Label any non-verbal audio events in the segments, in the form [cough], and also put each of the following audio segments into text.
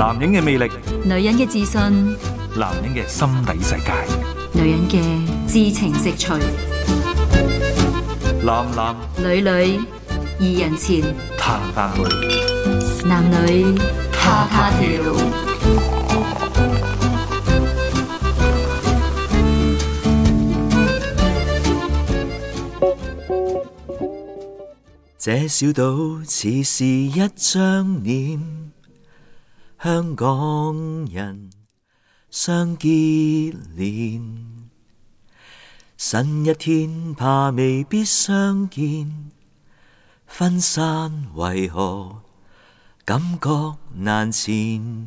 男人嘅魅力，女人嘅自信，男人嘅心底世界，女人嘅知情識趣，男男女女二人前彈彈去，男女他她調。這小島似是一張臉。香港人相結連，新一天怕未必相見，分散為何感覺難纏？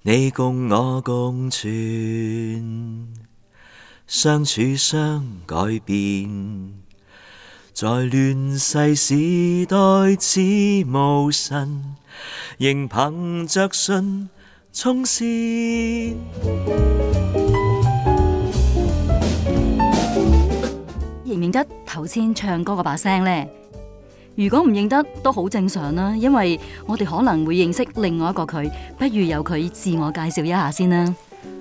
你共我共存，相處相改變，在亂世時代似無神。仍憑着信衝線，認唔認得頭先唱歌嗰把聲呢？如果唔認得都好正常啦，因為我哋可能會認識另外一個佢，不如由佢自我介紹一下先啦。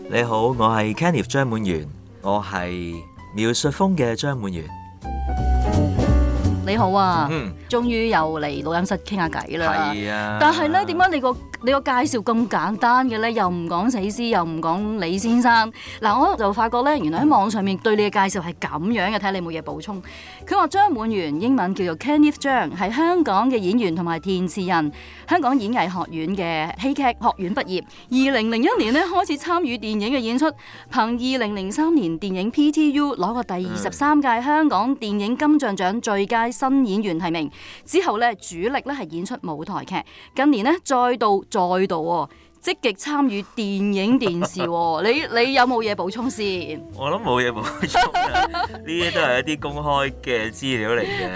你好，我係 Kenneth 張滿源，我係描述風嘅張滿源。你好啊，嗯、哼終於又嚟錄音室傾下偈啦。係啊，但係咧點解你個你個介紹咁簡單嘅呢，又唔講死屍，又唔講李先生。嗱，我就發覺呢，原來喺網上面對你嘅介紹係咁樣嘅，睇你冇嘢補充。佢話張滿源，英文叫做 Kenneth Zhang，係香港嘅演員同埋電視人，香港演藝學院嘅戲劇學院畢業。二零零一年咧開始參與電影嘅演出，憑二零零三年電影 PTU 攞過第二十三屆香港電影金像獎最佳新演員提名。之後呢，主力咧係演出舞台劇，近年呢，再度。再度喎、啊。積極參與電影電視你你有冇嘢補充先？我諗冇嘢補充呢啲都係一啲公開嘅資料嚟嘅，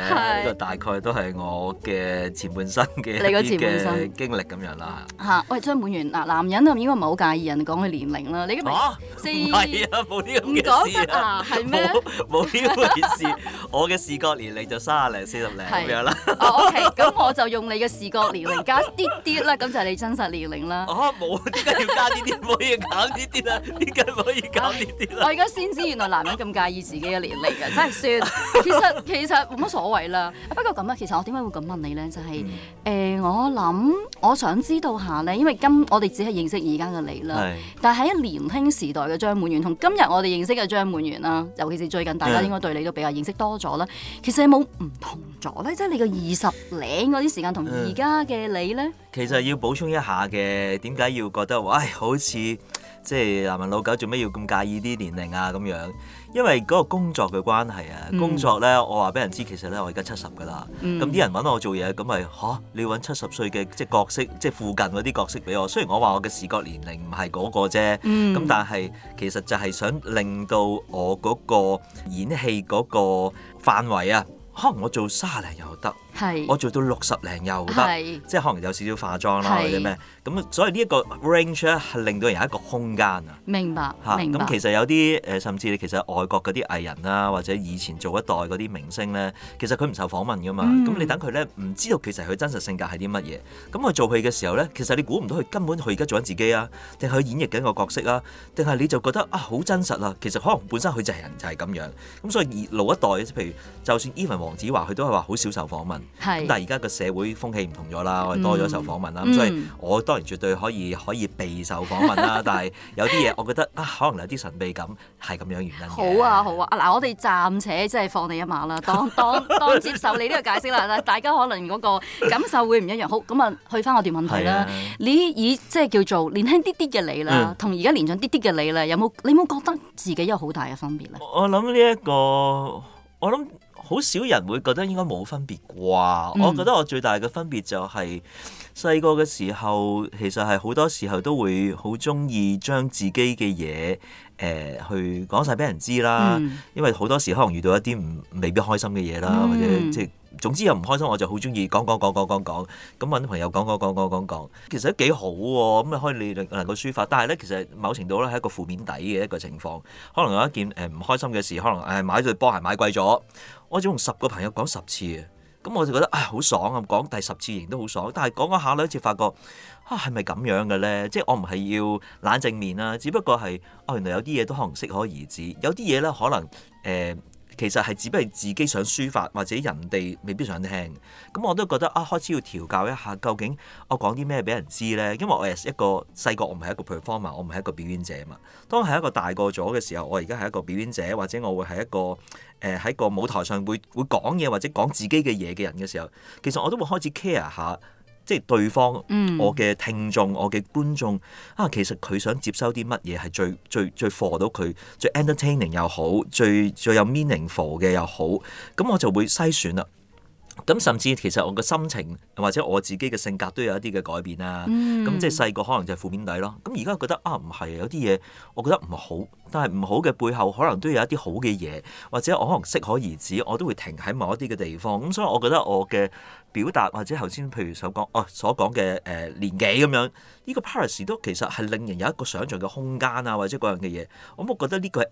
呢個大概都係我嘅前半生嘅，你嘅前半生經歷咁樣啦嚇。喂張滿源嗱，男人啊應該唔係好介意人講嘅年齡啦，你嚇四廿，唔係啊，冇呢咁嘅事啊，係咩？冇呢回事，我嘅視覺年齡就三十零四十零咁樣啦。哦，OK，咁我就用你嘅視覺年齡加啲啲啦，咁就係你真實年齡啦。冇，點解 [laughs] 要加呢啲？唔可以搞呢啲啦！點解唔可以搞呢啲啦？我而家先知，原來男人咁介意自己嘅年齡嘅，真係算。其實其實冇乜所謂啦。不過咁啊，其實我點解會咁問你咧？就係、是、誒、嗯欸，我諗我想知道下咧，因為今我哋只係認識而家嘅你啦。是的 但係喺年輕時代嘅張滿源同今日我哋認識嘅張滿源啦，尤其是最近大家應該對你都比較認識多咗啦。是的 其實有冇唔同咗咧？即、就、係、是、你嘅二十零嗰啲時間同而家嘅你咧？是的 其實要補充一下嘅，點解要覺得，喂，好似即係男人老狗，做咩要咁介意啲年齡啊？咁樣，因為嗰個工作嘅關係啊，嗯、工作呢，我話俾人知，其實呢，我而家七十噶啦。咁啲、嗯、人揾我做嘢，咁咪嚇，你要揾七十歲嘅即係角色，即係附近嗰啲角色俾我。雖然我話我嘅視覺年齡唔係嗰個啫，咁、嗯、但係其實就係想令到我嗰個演戲嗰個範圍啊，可能我做卅零又得。是我做到六十零又得，是即係可能有少少化妝啦是或者咩，咁所以呢一個 range 咧係令到人有一個空間啊。明白，嚇咁、啊、其實有啲誒，甚至你其實外國嗰啲藝人啊，或者以前做一代嗰啲明星咧，其實佢唔受訪問噶嘛。咁、嗯、你等佢咧，唔知道其實佢真實性格係啲乜嘢，咁佢做戲嘅時候咧，其實你估唔到佢根本佢而家做緊自己啊，定係佢演繹緊個角色啊，定係你就覺得啊好真實啊，其實可能本身佢就係人就係咁樣。咁所以老一代譬如就算 Even 黃子華佢都係話好少受訪問。係，是但係而家個社會風氣唔同咗啦，我哋多咗受訪問啦，嗯，所以我當然絕對可以可以備受訪問啦。 [laughs] 但係有啲嘢，我覺得啊，可能有啲神秘感，係咁樣原因。好啊，好啊，嗱，我哋暫且即係放你一馬啦，當當當接受你呢個解釋啦。大家可能嗰個感受會唔一樣。好，咁啊，去翻我哋問題啦。你以即係叫做年輕啲啲嘅你啦，同而家年長啲啲嘅你啦，有冇你冇覺得自己有好大嘅分別咧？我諗呢一個，我諗。好少人會覺得應該冇分別啩，嗯、我覺得我最大嘅分別就係細個嘅時候，其實係好多時候都會好鍾意將自己嘅嘢誒去講晒俾人知啦，嗯、因為好多時可能遇到一啲唔未必開心嘅嘢啦，嗯、或者即、就係總之又唔開心，我就好中意講講講講講講，咁問啲朋友講講講講講講，其實都幾好喎。咁啊，可以你能夠抒發。但係咧，其實某程度咧係一個負面底嘅一個情況。可能有一件誒唔開心嘅事，可能誒買對波鞋買貴咗，我仲用十個朋友講十次咁我就覺得啊，好爽啊！講第十次仍都好爽。但係講嗰下咧，好似發覺啊，係咪咁樣嘅咧？即係我唔係要冷靜面啦、啊，只不過係啊、哦，原來有啲嘢都可能適可而止，有啲嘢咧可能誒。呃其實係只不過自己想抒發，或者人哋未必想聽。咁我都覺得啊，開始要調教一下，究竟我講啲咩俾人知呢？因為我係一個細個，我唔係一個 performer，我唔係一個表演者嘛。當我係一個大個咗嘅時候，我而家係一個表演者，或者我會係一個誒喺、呃、個舞台上會會講嘢或者講自己嘅嘢嘅人嘅時候，其實我都會開始 care 下。即係對方，我嘅聽眾，我嘅觀眾啊，其實佢想接收啲乜嘢係最最最 for 到佢，最 entertaining 又好，最最有 meaningful 嘅又好，咁我就會篩選啦。咁甚至其實我嘅心情或者我自己嘅性格都有一啲嘅改變啦、啊。咁即係細個可能就係負面底咯。咁而家覺得啊唔係有啲嘢，我覺得唔好，但係唔好嘅背後可能都有一啲好嘅嘢，或者我可能適可而止，我都會停喺某一啲嘅地方。咁、嗯、所以我覺得我嘅表達或者頭先譬如所講哦、啊、所講嘅誒年紀咁樣，呢、呢個 Paris 都其實係令人有一個想像嘅空間啊，或者各樣嘅嘢，我覺得呢個係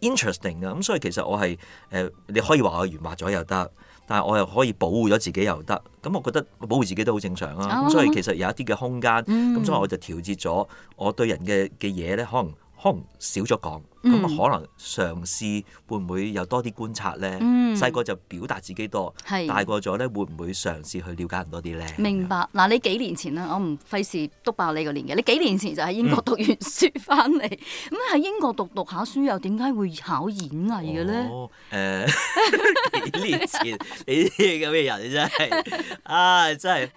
interesting 嘅。咁、嗯、所以其實我係誒、呃、你可以話我圓滑咗又得。但係我又可以保護咗自己又得，咁我覺得保護自己都好正常啊。Oh，所以其實有一啲嘅空間，咁、um. 所以我就調節咗我對人嘅嘅嘢咧，可能可能少咗講。咁、嗯、可能嘗試會唔會有多啲觀察咧？細個、嗯、就表達自己多，是大過咗咧會唔會嘗試去了解人多啲咧？明白嗱，你幾年前啦、啊，我唔費事督爆你個年紀。你幾年前就喺英國讀完書翻嚟，咁喺、嗯、英國讀讀下書又點解會考演藝嘅咧？誒、哦呃、幾年前， [laughs] 你啲咁嘅人你真係、啊、唉，真係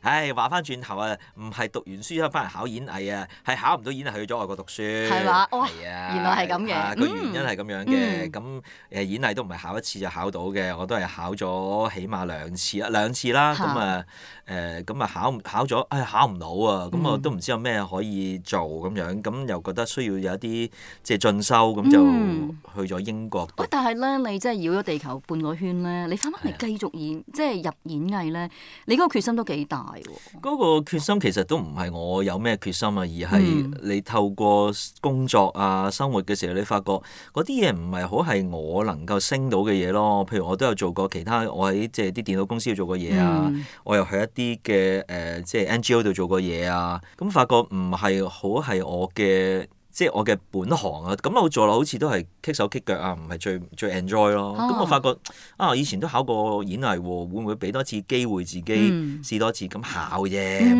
唉！話翻轉頭啊，唔係讀完書先翻嚟考演藝啊，係考唔到演藝，去咗外國讀書係嘛？哇！哦啊、原來係 [laughs] 咁嚇個原因係咁樣嘅，咁誒、嗯、演藝都唔係考一次就考到嘅，我都係考咗起碼兩次啊，兩次啦，咁啊誒咁啊考考咗，哎考唔到啊，咁我都唔知有咩可以做咁樣，咁又覺得需要有一啲即係進修，咁就去咗英國。喂、嗯，但係咧，你真係繞咗地球半個圈咧，你翻返嚟繼續演，的即係入演藝咧，你嗰個決心都幾大喎、啊。嗰個決心其實都唔係我有咩決心啊，而係你透過工作啊、生活嘅。時候你發覺嗰啲嘢唔係好係我能夠升到嘅嘢咯，譬如我都有做過其他，我喺即係啲電腦公司度做過嘢啊，嗯、我又去一啲嘅誒即係 NGO 度做過嘢啊，咁、嗯、發覺唔係好係我嘅。即係我嘅本行踢踢啊，咁我做落好似都係棘手棘腳啊，唔係最最 enjoy 咯。咁我發覺啊，以前都考過演藝，會唔會俾多次機會自己試多次？咁、嗯、考啫，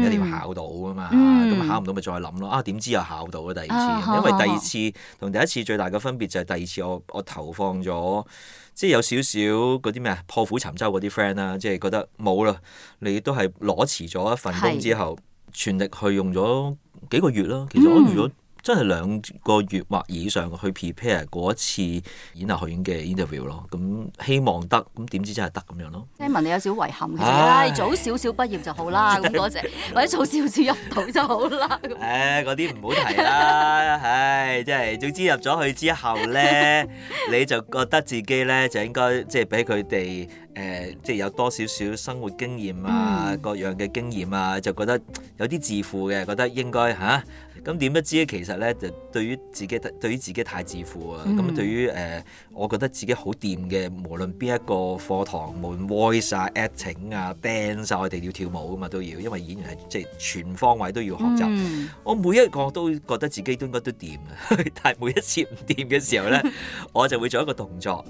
一定要考到噶嘛。咁、嗯、考唔到咪再諗咯。啊，點知又考到啦？第二次，啊、因為第二次同第一次最大嘅分別就係第二次我我投放咗，即係有少少嗰啲咩啊破釜沉舟嗰啲 friend 啊，即係覺得冇啦，你都係攞辭咗一份工之後，是全力去用咗幾個月啦、啊。其實我如果真係兩個月或以上去 prepare 過一次演藝學院嘅 interview 咯，咁希望得，咁點知真係得咁樣咯。聽聞你有少少遺憾，唉早少少畢業就好啦，咁嗰隻，或者早少少入到就好啦。唉，嗰啲唔好提啦，唉， [laughs] 即係總之入咗去之後咧， [laughs] 你就覺得自己咧就應該即係俾佢哋誒，即係、呃、有多少少生活經驗啊，嗯、各樣嘅經驗啊，就覺得有啲自負嘅，覺得應該嚇。啊咁點不知咧？其實咧，就對於自己對於自己太自負啊！咁、嗯、對於誒、呃，我覺得自己好掂嘅，無論邊一個課堂，無論 voice 啊、acting 啊、dance 啊，我哋要跳舞噶嘛，都要，因為演員係即係全方位都要學習。嗯、我每一個都覺得自己都應該都掂啊， [laughs] 但係每一次唔掂嘅時候咧， [laughs] 我就會做一個動作，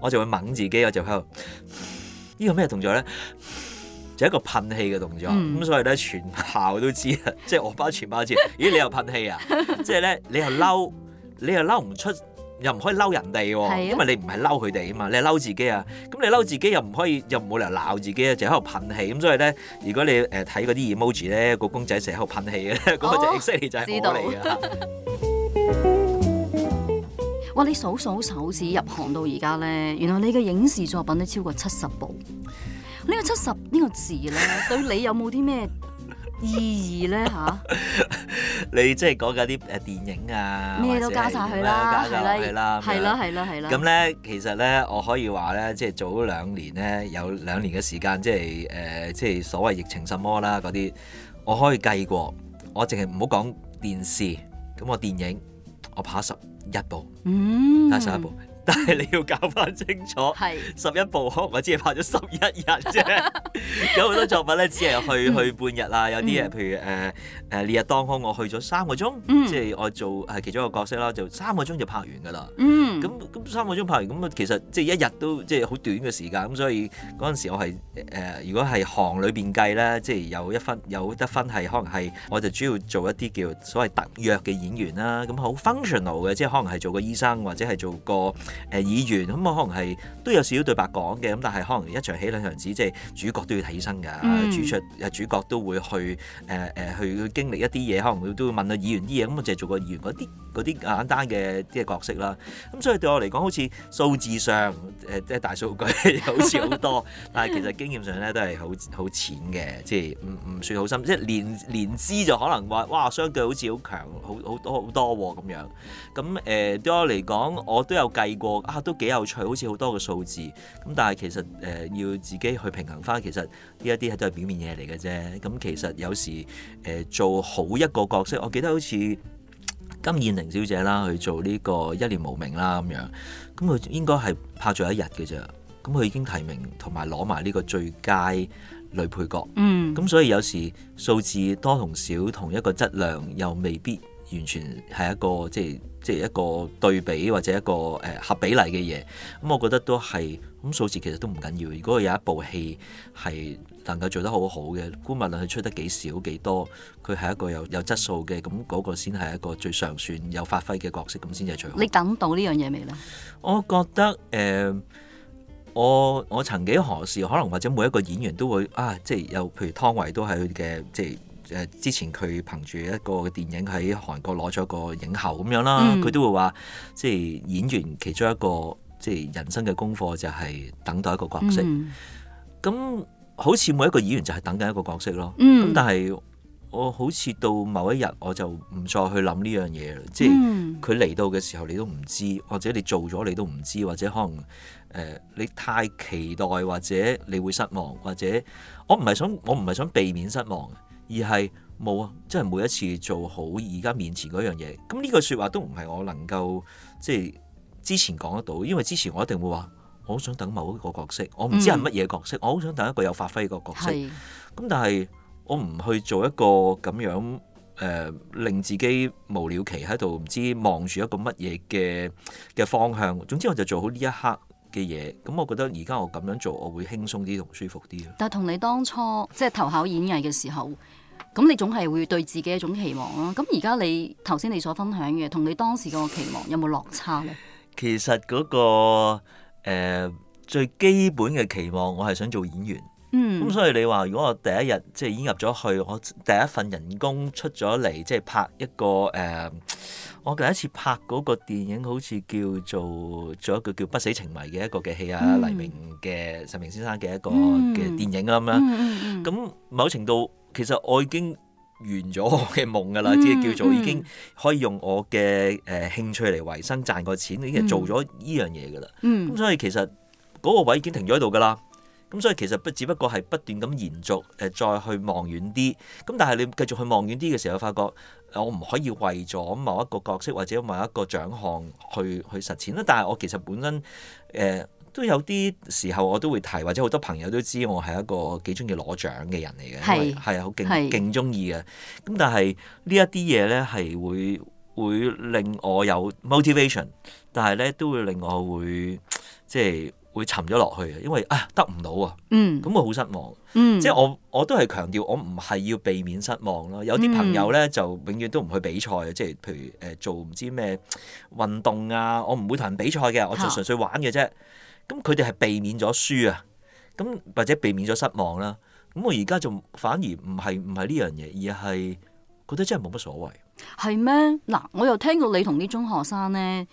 我就會掹自己，我就喺度，呢個咩動作咧？就一個噴氣嘅動作，咁、mm. 嗯、所以咧全校都知啊，即係我班全班知。咦，你又噴氣啊？ [laughs] 即係咧，你又嬲，你又嬲唔出，又唔可以嬲人哋、啊、喎，啊、因為你唔係嬲佢哋啊嘛，你係嬲自己啊。咁你嬲自己又唔可以，又冇理由鬧自己啊，就喺度噴氣。咁、嗯、所以咧，如果你誒睇嗰啲 emoji 咧，個公仔成日喺度噴氣嘅咧，嗰、oh, [laughs] 個 X 知道就悉尼仔嚟啊！ [laughs] 哇，你數數手指入行到而家咧，原來你嘅影視作品都超過七十部。呢個七十呢個字咧， [laughs] 對你有冇啲咩意義咧嚇？啊、 [laughs] 你即係講緊啲誒電影啊，咩都加晒佢啦，係啦，係啦，係啦。咁咧，其實咧，我可以話咧，即係早兩年咧，有兩年嘅時間，即係誒、呃，即係所謂疫情什麼啦嗰啲，我可以計過，我淨係唔好講電視，咁我電影，我拍十一部，嗯，拍十一部。但係你要搞翻清楚，是十一部可能我只係拍咗十一日啫。 [laughs] 有好多作品咧，只係去、嗯、去半日啊。有啲嘢，嗯、譬如誒誒烈日當空，我去咗三個鐘，嗯、即係我做係、呃、其中一個角色啦，就三個鐘就拍完㗎啦。咁咁、嗯、三個鐘拍完，咁啊其實即係一日都即係好短嘅時間。咁所以嗰陣時我係誒、呃，如果係行裏邊計咧，即係有一分有得分係可能係，我就主要做一啲叫所謂特約嘅演員啦。咁好 functional 嘅，即係可能係做個醫生或者係做個。誒、呃、議員咁我、嗯、可能係都有少少對白講嘅，咁但係可能一場起兩場止，即係主角都要睇起身㗎，主出、嗯、主角都會去誒誒、呃呃、去經歷一啲嘢，可能會都會問到議員啲嘢，咁我就係做個議員嗰啲啲簡單嘅啲角色啦。咁、嗯、所以對我嚟講，好似數字上誒即係大數據好似好多， [laughs] 但係其實經驗上咧都係好好淺嘅，即係唔唔算好深，即係連連資就可能話哇相對好似好強，好好，好多好多喎、啊、咁樣。咁、嗯、誒、呃、對我嚟講，我都有計過。啊，都幾有趣，好似好多嘅數字咁，但係其實誒、呃、要自己去平衡翻，其實呢一啲係都係表面嘢嚟嘅啫。咁其實有時誒、呃、做好一個角色，我記得好似金燕玲小姐啦，去做呢個《一念無明啦》啦咁樣，咁佢應該係拍咗一日嘅啫。咁佢已經提名同埋攞埋呢個最佳女配角，嗯，咁所以有時數字多同少同一個質量又未必完全係一個即係。即係一個對比或者一個誒、呃、合比例嘅嘢，咁、嗯、我覺得都係咁數字其實都唔緊要。如果有一部戲係能夠做得好好嘅，姑勿論佢出得幾少幾多，佢係一個有有質素嘅，咁、嗯、嗰、那個先係一個最上算有發揮嘅角色，咁先係最好。你諗到呢樣嘢未呢？我覺得誒、呃，我我曾幾何時，可能或者每一個演員都會啊，即係有譬如湯唯都係佢嘅即係。誒，之前佢憑住一個電影喺韓國攞咗個影后咁樣啦，佢、嗯、都會話，即、就、係、是、演員其中一個即係、就是、人生嘅功課就係等待一個角色。咁、嗯、好似每一個演員就係等緊一個角色咯。咁、嗯、但係我好似到某一日我就唔再去諗呢樣嘢，即係佢嚟到嘅時候你都唔知，或者你做咗你都唔知，或者可能誒、呃、你太期待或者你會失望，或者我唔係想我唔係想避免失望。而係冇啊！即係每一次做好而家面前嗰樣嘢。咁呢句説話都唔係我能夠即係之前講得到，因為之前我一定會話：我好想等某一個角色，我唔知係乜嘢角色，嗯、我好想等一個有發揮個角色。咁是但係我唔去做一個咁樣誒、呃，令自己無了期喺度唔知望住一個乜嘢嘅嘅方向。總之我就做好呢一刻嘅嘢。咁我覺得而家我咁樣做，我會輕鬆啲同舒服啲。但係同你當初即係投考演藝嘅時候。咁你總係會對自己一種期望啦、啊。咁而家你頭先你所分享嘅，同你當時嘅期望有冇落差咧？其實嗰、那個誒、呃、最基本嘅期望，我係想做演員。嗯。咁所以你話如果我第一日即係已經入咗去，我第一份人工出咗嚟，即係拍一個誒、呃，我第一次拍嗰個電影，好似叫做做一個叫《不死情迷》嘅一個嘅戲啊，嗯、黎明嘅陳明先生嘅一個嘅電影啊咁樣。咁、嗯嗯嗯嗯、某程度。其實我已經完咗我嘅夢㗎喇，嗯、即係叫做已經可以用我嘅誒、呃、興趣嚟維生賺個錢，已經做咗呢樣嘢㗎喇。咁、嗯、所以其實嗰個位已經停咗喺度㗎喇。咁所以其實不只不過係不斷咁延續誒、呃，再去望遠啲。咁但係你繼續去望遠啲嘅時候，發覺我唔可以為咗某一個角色或者某一個獎項去去實踐啦。但係我其實本身誒、呃都有啲時候我都會提，或者好多朋友都知我係一個幾中意攞獎嘅人嚟嘅，係啊是，好勁勁中意嘅。咁是但係呢一啲嘢咧係會會令我有 motivation，但係咧都會令我會即係會沉咗落去嘅，因為啊得唔到啊，咁我好失望。嗯、即係我我都係強調，我唔係要避免失望咯。有啲朋友咧、嗯、就永遠都唔去比賽，即係譬如誒、呃、做唔知咩運動啊，我唔會同人比賽嘅，我就純粹玩嘅啫。啊啊咁佢哋係避免咗輸啊，咁或者避免咗失望啦，啊。咁我而家就反而唔係唔係呢樣嘢，而係覺得真係冇乜所謂。係咩？嗱，我又聽到你同啲中學生咧誒、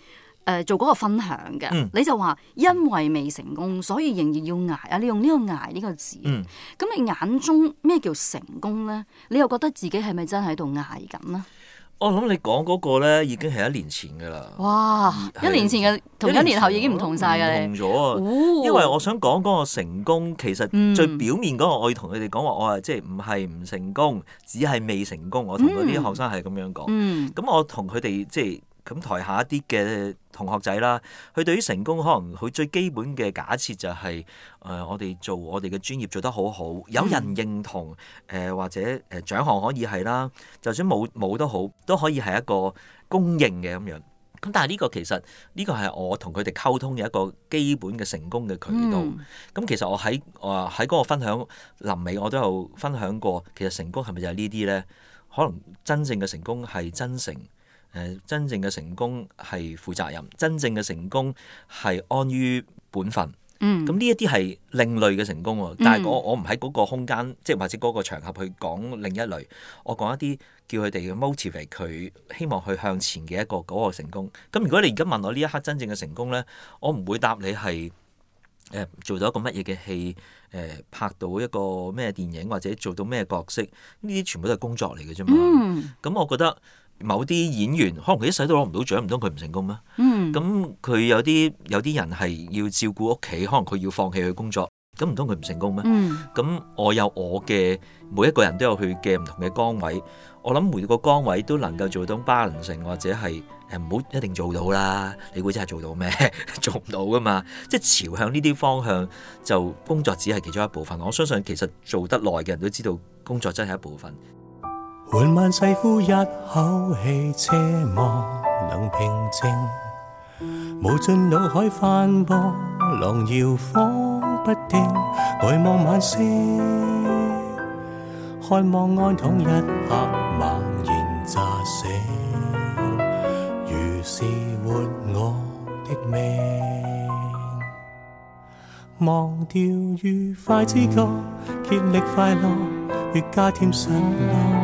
呃、做嗰個分享嘅，嗯、你就話因為未成功，所以仍然要挨啊。你用呢個挨呢個字，咁、嗯、你眼中咩叫成功咧？你又覺得自己係咪真係喺度挨緊咧？我諗你講嗰個咧，已經係一年前噶啦。哇，是一年前嘅同一年後已經唔同晒噶啦。唔同咗啊，哦、因為我想講嗰個成功，其實最表面嗰個，嗯、我要同佢哋講話，我係即係唔係唔成功，只係未成功。我同嗰啲學生係咁樣講。咁、嗯、我同佢哋即係。咁台下一啲嘅同學仔啦，佢對於成功可能佢最基本嘅假設就係、係，誒、呃、我哋做我哋嘅專業做得好好，有人認同，誒、呃、或者誒獎、呃、項可以係啦，就算冇冇都好，都可以係一個公認嘅咁樣。咁但係呢個其實呢、呢個係我同佢哋溝通嘅一個基本嘅成功嘅渠道。咁、嗯、其實我喺我喺嗰個分享臨尾我都有分享過，其實成功係咪就係呢啲咧？可能真正嘅成功係真誠。誒真正嘅成功係負責任，真正嘅成功係安於本分。嗯，咁呢一啲係另類嘅成功喎。但係我我唔喺嗰個空間，即係或者嗰個場合去講另一類。我講一啲叫佢哋 motivate 佢希望去向前嘅一個嗰、嗰個成功。咁如果你而家問我呢一刻真正嘅成功咧，我唔會答你係誒、呃、做到一個乜嘢嘅戲，誒、呃、拍到一個咩電影或者做到咩角色。呢啲全部都係工作嚟嘅啫嘛。嗯，咁我覺得。某啲演員可能佢一世都攞唔到獎，唔通佢唔成功咩？咁佢、mm. 嗯、有啲有啲人係要照顧屋企，可能佢要放棄佢工作，咁唔通佢唔成功咩？咁、mm. 嗯、我有我嘅，每一個人都有佢嘅唔同嘅崗位，我諗每個崗位都能夠做到平衡性，或者係誒唔好一定做到啦。你估真係做到咩？ [laughs] 做唔到噶嘛？即係朝向呢啲方向，就工作只係其中一部分。我相信其實做得耐嘅人都知道，工作真係一部分。緩慢細呼一口氣，奢望能平靜。無盡腦海翻波浪，搖晃不定。呆望晚星，看望安躺一刻，猛然乍醒。如是活我的命，忘掉愉快之歌，竭力快樂，越加添失落。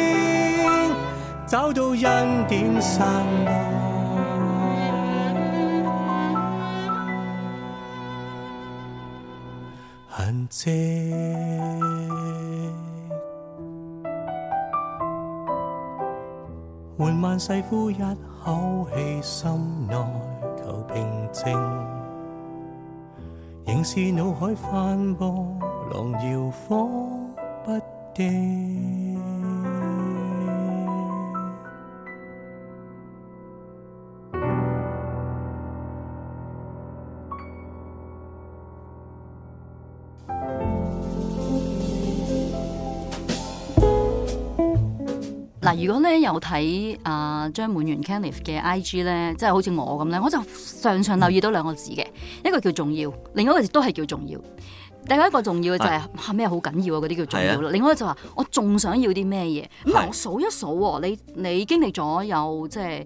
找到恩典，散落痕跡，緩慢細呼一口氣，心內求平靜，仍是腦海翻波浪，搖晃不定。有睇阿張滿源 Kenneth 嘅 IG 咧，即係好似我咁咧，我就常常留意到兩個字嘅，嗯、一個叫重要，另一個字都係叫重要。第一個、就是啊、重要嘅就係咩好緊要啊？嗰啲叫重要啦。啊、另外就話我仲想要啲咩嘢？咁、嗯、我數一數，你你經歷咗有即係誒、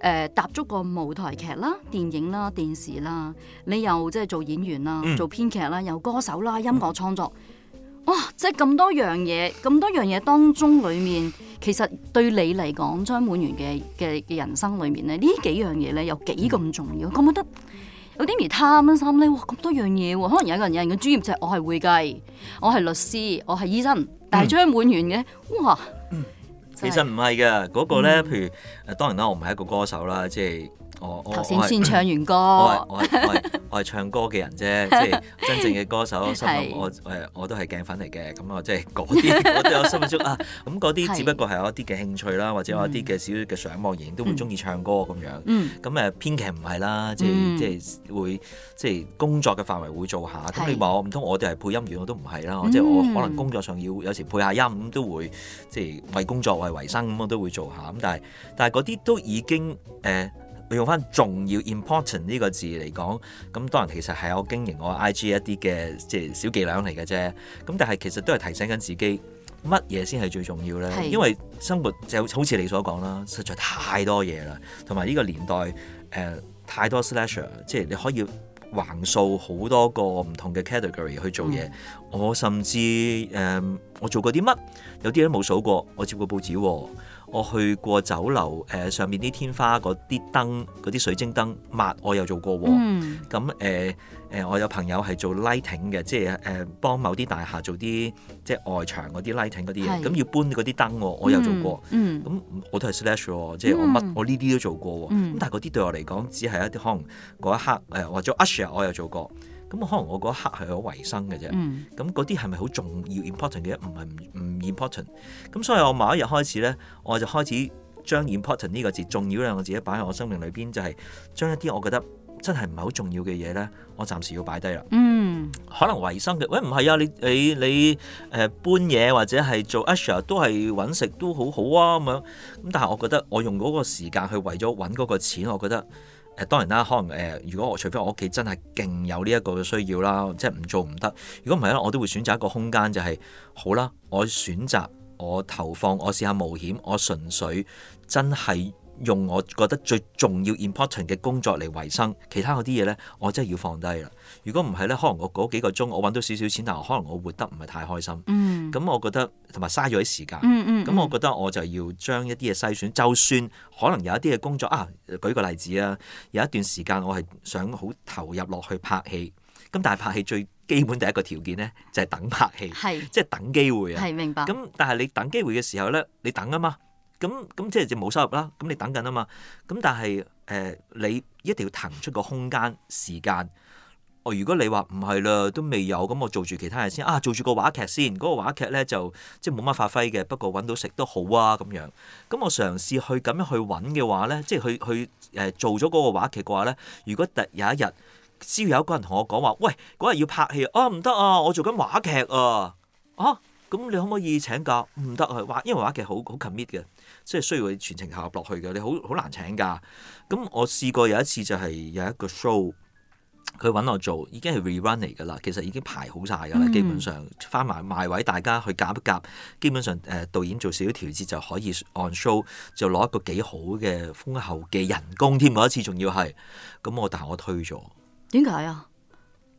呃、踏足個舞台劇啦、電影啦、電視啦，你又即係做演員啦、嗯、做編劇啦、有歌手啦、音樂創作，哇、嗯啊！即係咁多樣嘢，咁多樣嘢當中裏面。其實對你嚟講，張滿源嘅嘅嘅人生裏面咧，呢幾樣嘢咧有幾咁重要？我覺得有啲唔貪心咧，哇咁多樣嘢喎、啊！可能有一個人有人嘅專業就係、是、我係會計，我係律師，我係醫生，但係張滿源嘅哇，嗯就是、其實唔係㗎嗰個咧，譬如當然啦，我唔係一個歌手啦，即係。我頭先先唱完歌，我係唱歌嘅人啫，即係真正嘅歌手。我誒我都係鏡粉嚟嘅，咁我即係嗰啲。我心中啊，咁嗰啲只不過係我一啲嘅興趣啦，或者我一啲嘅小小嘅上網仍然都會中意唱歌咁樣。咁誒編劇唔係啦，即係即係會即係工作嘅範圍會做下。咁你話我唔通我哋係配音員我都唔係啦。即係我可能工作上要有時配下音，咁都會即係為工作為維生，咁我都會做下。咁但係但係嗰啲都已經誒。你用翻重要 important 呢個字嚟講，咁當然其實係我經營我 IG 一啲嘅即係小伎倆嚟嘅啫。咁但係其實都係提醒緊自己乜嘢先係最重要咧。是因為生活就好似你所講啦，實在太多嘢啦，同埋呢個年代誒、呃、太多 slasher、嗯、即係你可以橫掃好多個唔同嘅 category 去做嘢。嗯、我甚至誒、呃、我做過啲乜，有啲都冇數過，我接過報紙喎、哦。我去過酒樓，誒、呃、上面啲天花嗰啲燈、嗰啲水晶燈抹，我有做過喎、哦。咁誒誒，我有朋友係做 lighting 嘅，即係誒、呃、幫某啲大廈做啲即係外牆嗰啲 lighting 嗰啲嘢，咁是、嗯嗯、要搬嗰啲燈、哦，我有又做過。咁、嗯嗯嗯、我都係 slasher 喎、哦，即係我乜、嗯、我呢啲都做過、哦。咁、嗯嗯嗯、但係嗰啲對我嚟講，只係一啲可能嗰一刻誒、呃，或者 usher 我有做過。咁可能我嗰一刻係好維生嘅啫，咁嗰啲係咪好重要 important 嘅？唔係唔唔 important。咁所以我某一日開始咧，我就開始將 important 呢個字重要兩個字擺喺我生命裏邊，就係、是、將一啲我覺得真係唔係好重要嘅嘢咧，我暫時要擺低啦。嗯，可能維生嘅，喂唔係啊，你你你誒、呃、搬嘢或者係做 usher 都係揾食都好好啊咁樣。咁但係我覺得我用嗰個時間去為咗揾嗰個錢，我覺得。誒當然啦，可能誒如果我除非我屋企真係勁有呢一個需要啦，即係唔做唔得。如果唔係咧，我都會選擇一個空間就係好啦，我選擇我投放，我試下冒險，我純粹真係。用我覺得最重要 important 嘅工作嚟維生，其他嗰啲嘢咧，我真係要放低啦。如果唔係咧，可能我嗰幾個鐘我揾到少少錢，但可能我活得唔係太開心。嗯，咁我覺得同埋嘥咗啲時間。嗯嗯、咁我覺得我就要將一啲嘢篩選，嗯嗯、就算可能有一啲嘅工作啊，舉個例子啊，有一段時間我係想好投入落去拍戲，咁但係拍戲最基本第一個條件咧就係、係、等拍戲，係即係等機會啊。係明白。咁但係你等機會嘅時候咧，你等啊嘛。咁咁即係就冇收入啦。咁你等緊啊嘛。咁但係誒、呃，你一定要騰出個空間時間。我、哦、如果你話唔係啦，都未有。咁我做住其他嘢先。啊，做住個話劇先。嗰、嗰個話劇咧就即係冇乜發揮嘅。不過揾到食都好啊咁樣。咁我嘗試去咁樣去揾嘅話咧，即係去去誒、呃、做咗嗰個話劇嘅話咧，如果突有一日，只要有一個人同我講話，喂，嗰日要拍戲啊，唔得啊，我做緊話劇啊，啊，咁你可唔可以請假？唔得啊，畫，因為話劇好好 commit 嘅。即係需要你全程投入落去嘅，你好好難請噶。咁我試過有一次就係有一個 show，佢揾我做，已經係 re run 嚟噶啦。其實已經排好晒噶啦，基本上翻埋埋位，大家去夾一夾，基本上誒、呃、導演做少少調節就可以 on show，就攞一個幾好嘅豐厚嘅人工添。有一次仲要係咁，我但係我推咗。點解啊？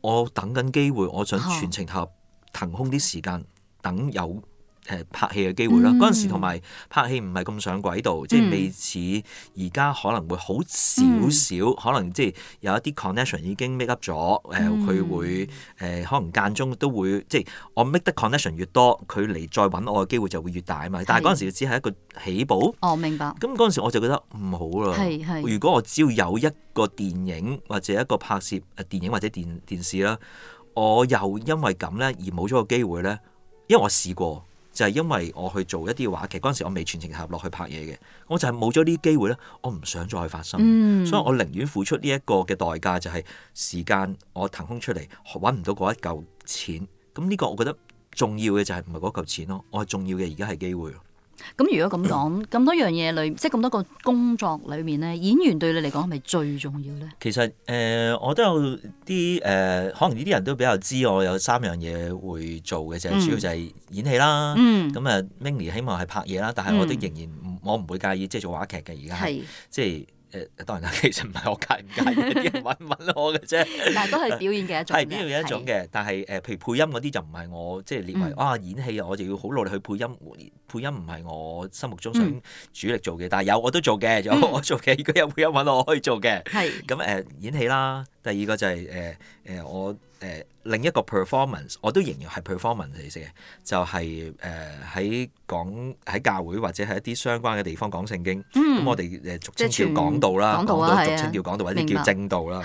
我等緊機會，我想全程投入，騰、oh. 空啲時間等有。誒、呃、拍戲嘅機會啦，嗰陣、嗯、時同埋拍戲唔係咁上軌道，嗯、即係未似而家可能會好少少，嗯、可能即係有一啲 connection 已經 make up 咗。誒、呃，佢、嗯、會誒、呃，可能間中都會即係我 make 得 connection 越多，佢嚟再揾我嘅機會就會越大嘛。係。但係嗰陣時只係一個起步哦，明白。咁嗰陣時我就覺得唔好啦。係係，如果我只要有一個電影或者一個拍攝、呃、電影或者電電視啦，我又因為咁咧而冇咗個機會咧，因為我試過。就係因為我去做一啲話劇，嗰陣時我未全程合落去拍嘢嘅，我就係冇咗呢啲機會咧，我唔想再發生，嗯、所以我寧願付出呢一個嘅代價，就係時間我騰空出嚟揾唔到嗰一嚿錢，咁呢個我覺得重要嘅就係唔係嗰嚿錢咯，我係重要嘅而家係機會。咁如果咁講，咁多樣嘢裏，即係咁多個工作裏面咧，演員對你嚟講係咪最重要咧？其實誒、呃，我都有啲誒、呃，可能呢啲人都比較知我有三樣嘢會做嘅，就係主要就係演戲啦。咁啊 Mingyi 希望係拍嘢啦，嗯、啦，但係我都仍然我唔會介意，即、就、係、是、做話劇嘅而家，係即係。誒、呃、當然啦，其實唔係我介唔介意嘅，啲人揾唔揾我嘅啫。但係 [laughs] 都係表演嘅一種，係表演一種嘅。是但係誒、呃，譬如配音嗰啲就唔係我即係列為、嗯、啊演戲啊，我就要好努力去配音。配音唔係我心目中想主力做嘅，但係有我都做嘅，嗯、有我做嘅。如果有配音揾我，我可以做嘅。係咁誒，演戲啦。第二個就係誒誒我。誒、呃、另一個 performance，我都仍然係 performance 嚟嘅，就係誒喺講喺教會或者係一啲相關嘅地方講聖經。咁我哋誒俗稱叫講道啦，講道俗稱叫講道或者叫正道啦。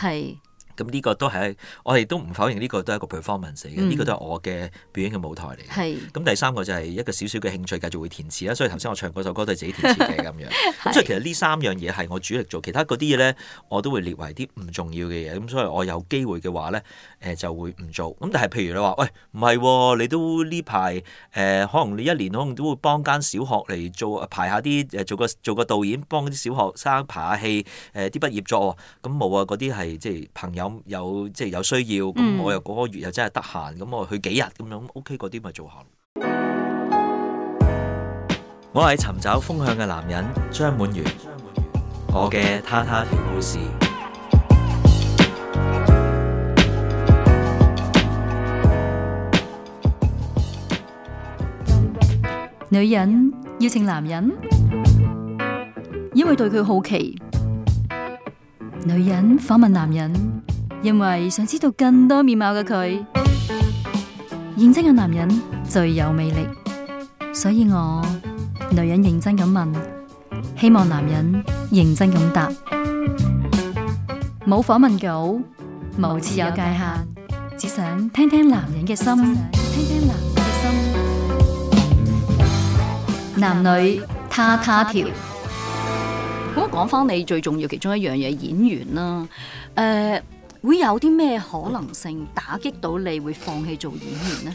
咁呢是、嗯、個都係我哋都唔否認呢個都係一個 performance 嚟嘅。呢、嗯、個都係我嘅表演嘅舞台嚟嘅。咁是、嗯嗯、第三個就係一個少少嘅興趣，繼續會填詞啦。所以頭先我唱嗰首歌都係自己填詞嘅咁樣。咁 [laughs] 是所以其實呢三樣嘢係我主力做，其他嗰啲嘢咧我都會列為啲唔重要嘅嘢。咁所以我有機會嘅話咧。誒、呃、就會唔做，咁但係譬如你話，喂唔係、哦，你都呢排誒，可能你一年可能都會幫間小學嚟做排一下啲誒、呃，做個做個導演，幫啲小學生排下戲，誒啲畢業作，咁冇啊，嗰啲係即係朋友有即係有需要，咁我又嗰個月又真係得閒，咁我去幾日咁樣，OK，嗰啲咪做下。 [music] 我係尋找風向嘅男人張滿源，張滿源，我嘅他，他他調故事。女人邀請男人，因為對佢好奇；女人訪問男人，因為想知道更多面貌嘅佢。認真嘅男人最有魅力，所以我女人認真咁問，希望男人認真咁答。冇訪問稿，無自由界限，只想聽聽男人嘅心，聽聽男人嘅心。男女他他條咁講翻你最重要其中一樣嘢，演員啦，誒，會有啲咩可能性打擊到你會放棄做演員咧？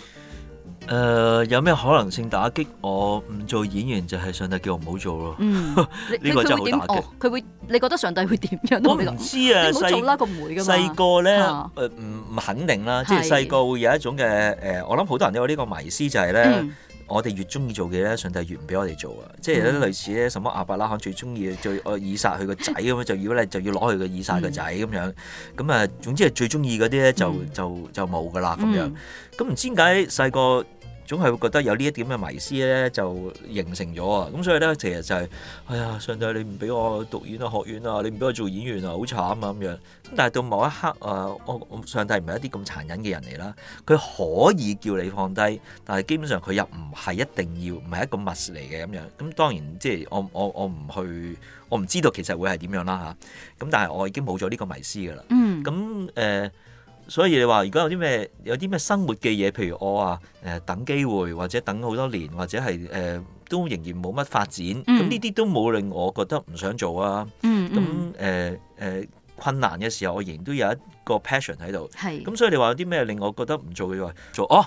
誒，有咩可能性打擊我唔做演員，就係上帝叫我唔好做咯。嗯，呢個就係打擊。佢會，你覺得上帝會點樣？我唔知啊。你唔好做啦，佢唔會噶嘛。細個咧，誒，唔唔肯定啦。即係細個會有一種嘅，誒，我諗好多人有呢個迷思就係咧。我哋越中意做嘅咧，上帝越唔俾我哋做啊！即係有啲類似咧，什麼阿伯拉罕最中意最愛以殺佢個仔咁樣，就要咧就要攞佢個以殺個仔咁樣。咁啊，總之係最中意嗰啲咧，就就就冇噶啦咁樣。咁唔、嗯、知點解細個，總係會覺得有呢一點嘅迷思咧，就形成咗啊！咁所以咧，其實就係、是，哎呀，上帝你唔俾我讀院啊，學院啊，你唔俾我做演員啊，好慘啊咁樣。但係到某一刻啊，我我上帝唔係一啲咁殘忍嘅人嚟啦，佢可以叫你放低，但係基本上佢又唔係一定要，唔係一個密 u 嚟嘅咁樣。咁當然即係我我我唔去，我唔知道其實會係點樣啦吓，咁、啊、但係我已經冇咗呢個迷思噶啦。咁誒、嗯。嗯呃所以你話，如果有啲咩有啲咩生活嘅嘢，譬如我啊，誒、呃、等機會或者等好多年，或者係誒、呃、都仍然冇乜發展，咁呢啲都冇令我覺得唔想做啊。咁誒誒困難嘅時候，我仍然都有一個 passion 喺度。係咁是，所以你話有啲咩令我覺得唔做嘅話，做哦。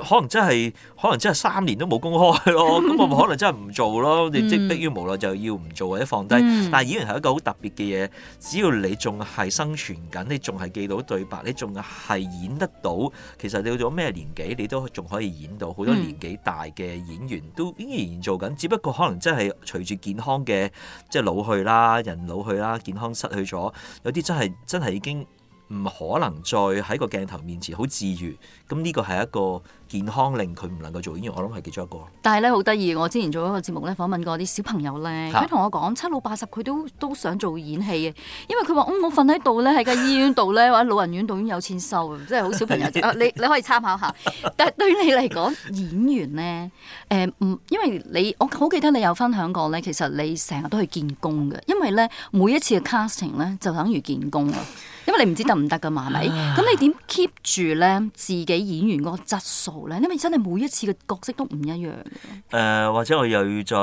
可能真係，可能真係三年都冇公開咯。咁我咪可能真係唔做咯。你迫於無奈就要唔做或者放低。 [laughs] 但係演員係一個好特別嘅嘢，只要你仲係生存緊，你仲係記到對白，你仲係演得到。其實你到咗咩年紀，你都仲可以演到。好多年紀大嘅演員都依然做緊，只不過可能真係隨住健康嘅即係老去啦，人老去啦，健康失去咗，有啲真係真係已經唔可能再喺個鏡頭面前好自如。咁呢個係一個。健康令佢唔能夠做演員，我諗係其中一個。但係咧好得意，我之前做一個節目咧，訪問過啲小朋友咧，佢同我講七老八十佢都都想做演戲嘅，因為佢話、嗯：我瞓喺度咧，喺間醫院度咧，或者老人院度有錢收，即真係好小朋友 [laughs] 你你可以參考下。 [laughs] 但係對於你嚟講，演員咧，誒、呃、唔因為你我好記得你有分享過咧，其實你成日都係見工嘅，因為咧每一次嘅 casting 咧就等於見工。啊，因為你唔知得唔得噶嘛，係咪？ [laughs] 咁你點 keep 住咧自己演員嗰個質素？咧，因為真係每一次嘅角色都唔一樣嘅、呃。或者我又要再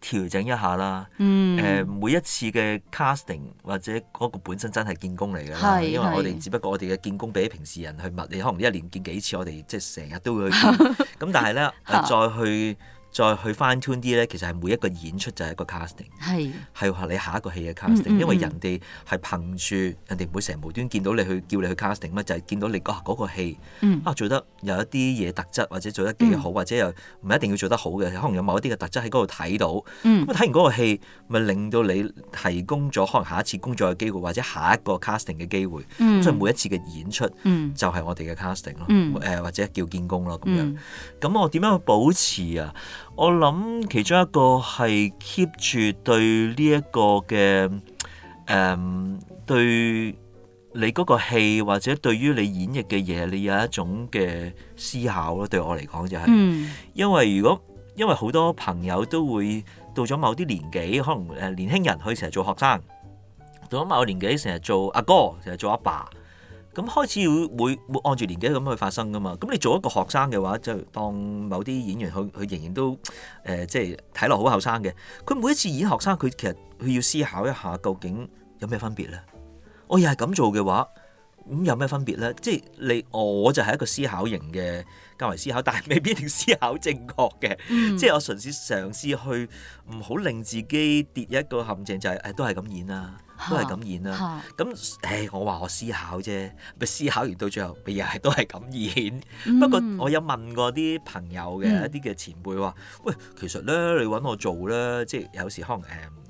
調整一下啦。嗯。誒、呃，每一次嘅 casting 或者嗰個本身真係見工嚟嘅啦。係係。因為我哋只不過我哋嘅見工比平時人去物理，你可能一年見幾次我，我哋即係成日都會去咁、 [laughs] 嗯。但係咧、呃，再去。 [laughs] 再去翻 tune 啲咧，其實係每一個演出就係一個 casting，係係的你下一個戲嘅 casting、嗯嗯、因為人哋係憑住人哋唔會成日無端見到你去叫你去 casting 咩？就係見到你啊、那、嗰、個那個戲、嗯、啊做得有一啲嘢特質，或者做得幾好，嗯、或者又唔一定要做得好嘅，可能有某一啲嘅特質喺嗰度睇到。咁睇、嗯嗯、完嗰個戲，咪令到你提供咗可能下一次工作嘅機會，或者下一個 casting 嘅機會。咁、嗯、所以每一次嘅演出就係我哋嘅 casting 咯、嗯，誒、呃、或者叫見工咯咁樣。咁我點樣去保持啊？我諗其中一個係 keep 住對呢一個嘅，誒、呃，對你嗰個戲或者對於你演繹嘅嘢，你有一種嘅思考咯。對我嚟講就係、是，因為如果因為好多朋友都會到咗某啲年紀，可能誒年輕人佢成日做學生，到咗某年紀成日做阿哥，成日做阿爸。咁開始會會會按住年紀咁去發生㗎嘛？咁你做一個學生嘅話，就當某啲演員佢佢仍然都誒、呃，即係睇落好後生嘅。佢每一次演學生，佢其實佢要思考一下，究竟有咩分別咧？我又係咁做嘅話。咁、嗯、有咩分別咧？即係你我就係一個思考型嘅，較為思考，但係未必定思考正確嘅。嗯、即係我純粹嘗試去唔好令自己跌一個陷阱，就係誒都係咁演啦，都係咁演啦、啊。咁誒，我話我思考啫，咪思考完到最後，咪又係都係咁演、啊。嗯、不過我有問過啲朋友嘅、嗯、一啲嘅前輩話：「喂，其實咧，你揾我做啦。」即係有時可能誒誒、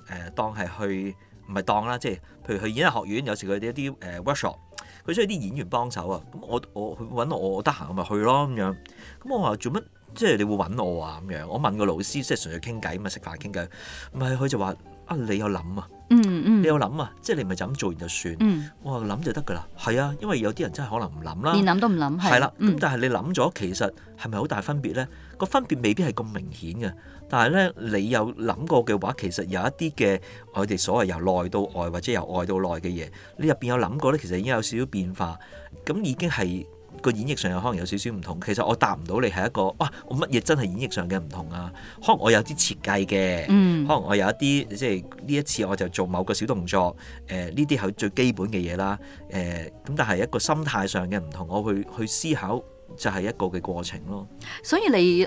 呃、當係去唔係當啦，即係譬如去演藝學院，有時佢哋一啲誒 workshop。佢需要啲演員幫手啊！咁我我佢揾我，我得閒咪去咯咁樣。咁我話做乜？即係你會揾我啊咁樣。我，我、啊、我問個老師，即係純粹傾偈，咁咪食飯傾偈。唔係佢就話。你有諗啊？嗯嗯，你有諗啊，、嗯嗯、啊？即係你咪就咁做完就算。嗯、我話諗就得噶啦。係啊，因為有啲人真係可能唔諗啦，連諗都唔諗。係啦、啊，咁、啊嗯、但係你諗咗，其實係咪好大分別咧？個分別未必係咁明顯嘅。但係咧，你有諗過嘅話，其實有一啲嘅我哋所謂由內到外，或者由外到內嘅嘢，你入邊有諗過咧，其實已經有少少變化，咁已經係。個演繹上有可能有少少唔同，其實我答唔到你係一個哇，我乜嘢真係演繹上嘅唔同啊？可能我有啲設計嘅，嗯、可能我有一啲即係呢一次我就做某個小動作，誒呢啲係最基本嘅嘢啦。誒、呃、咁，但係一個心態上嘅唔同，我去去思考就係一個嘅過程咯。所以你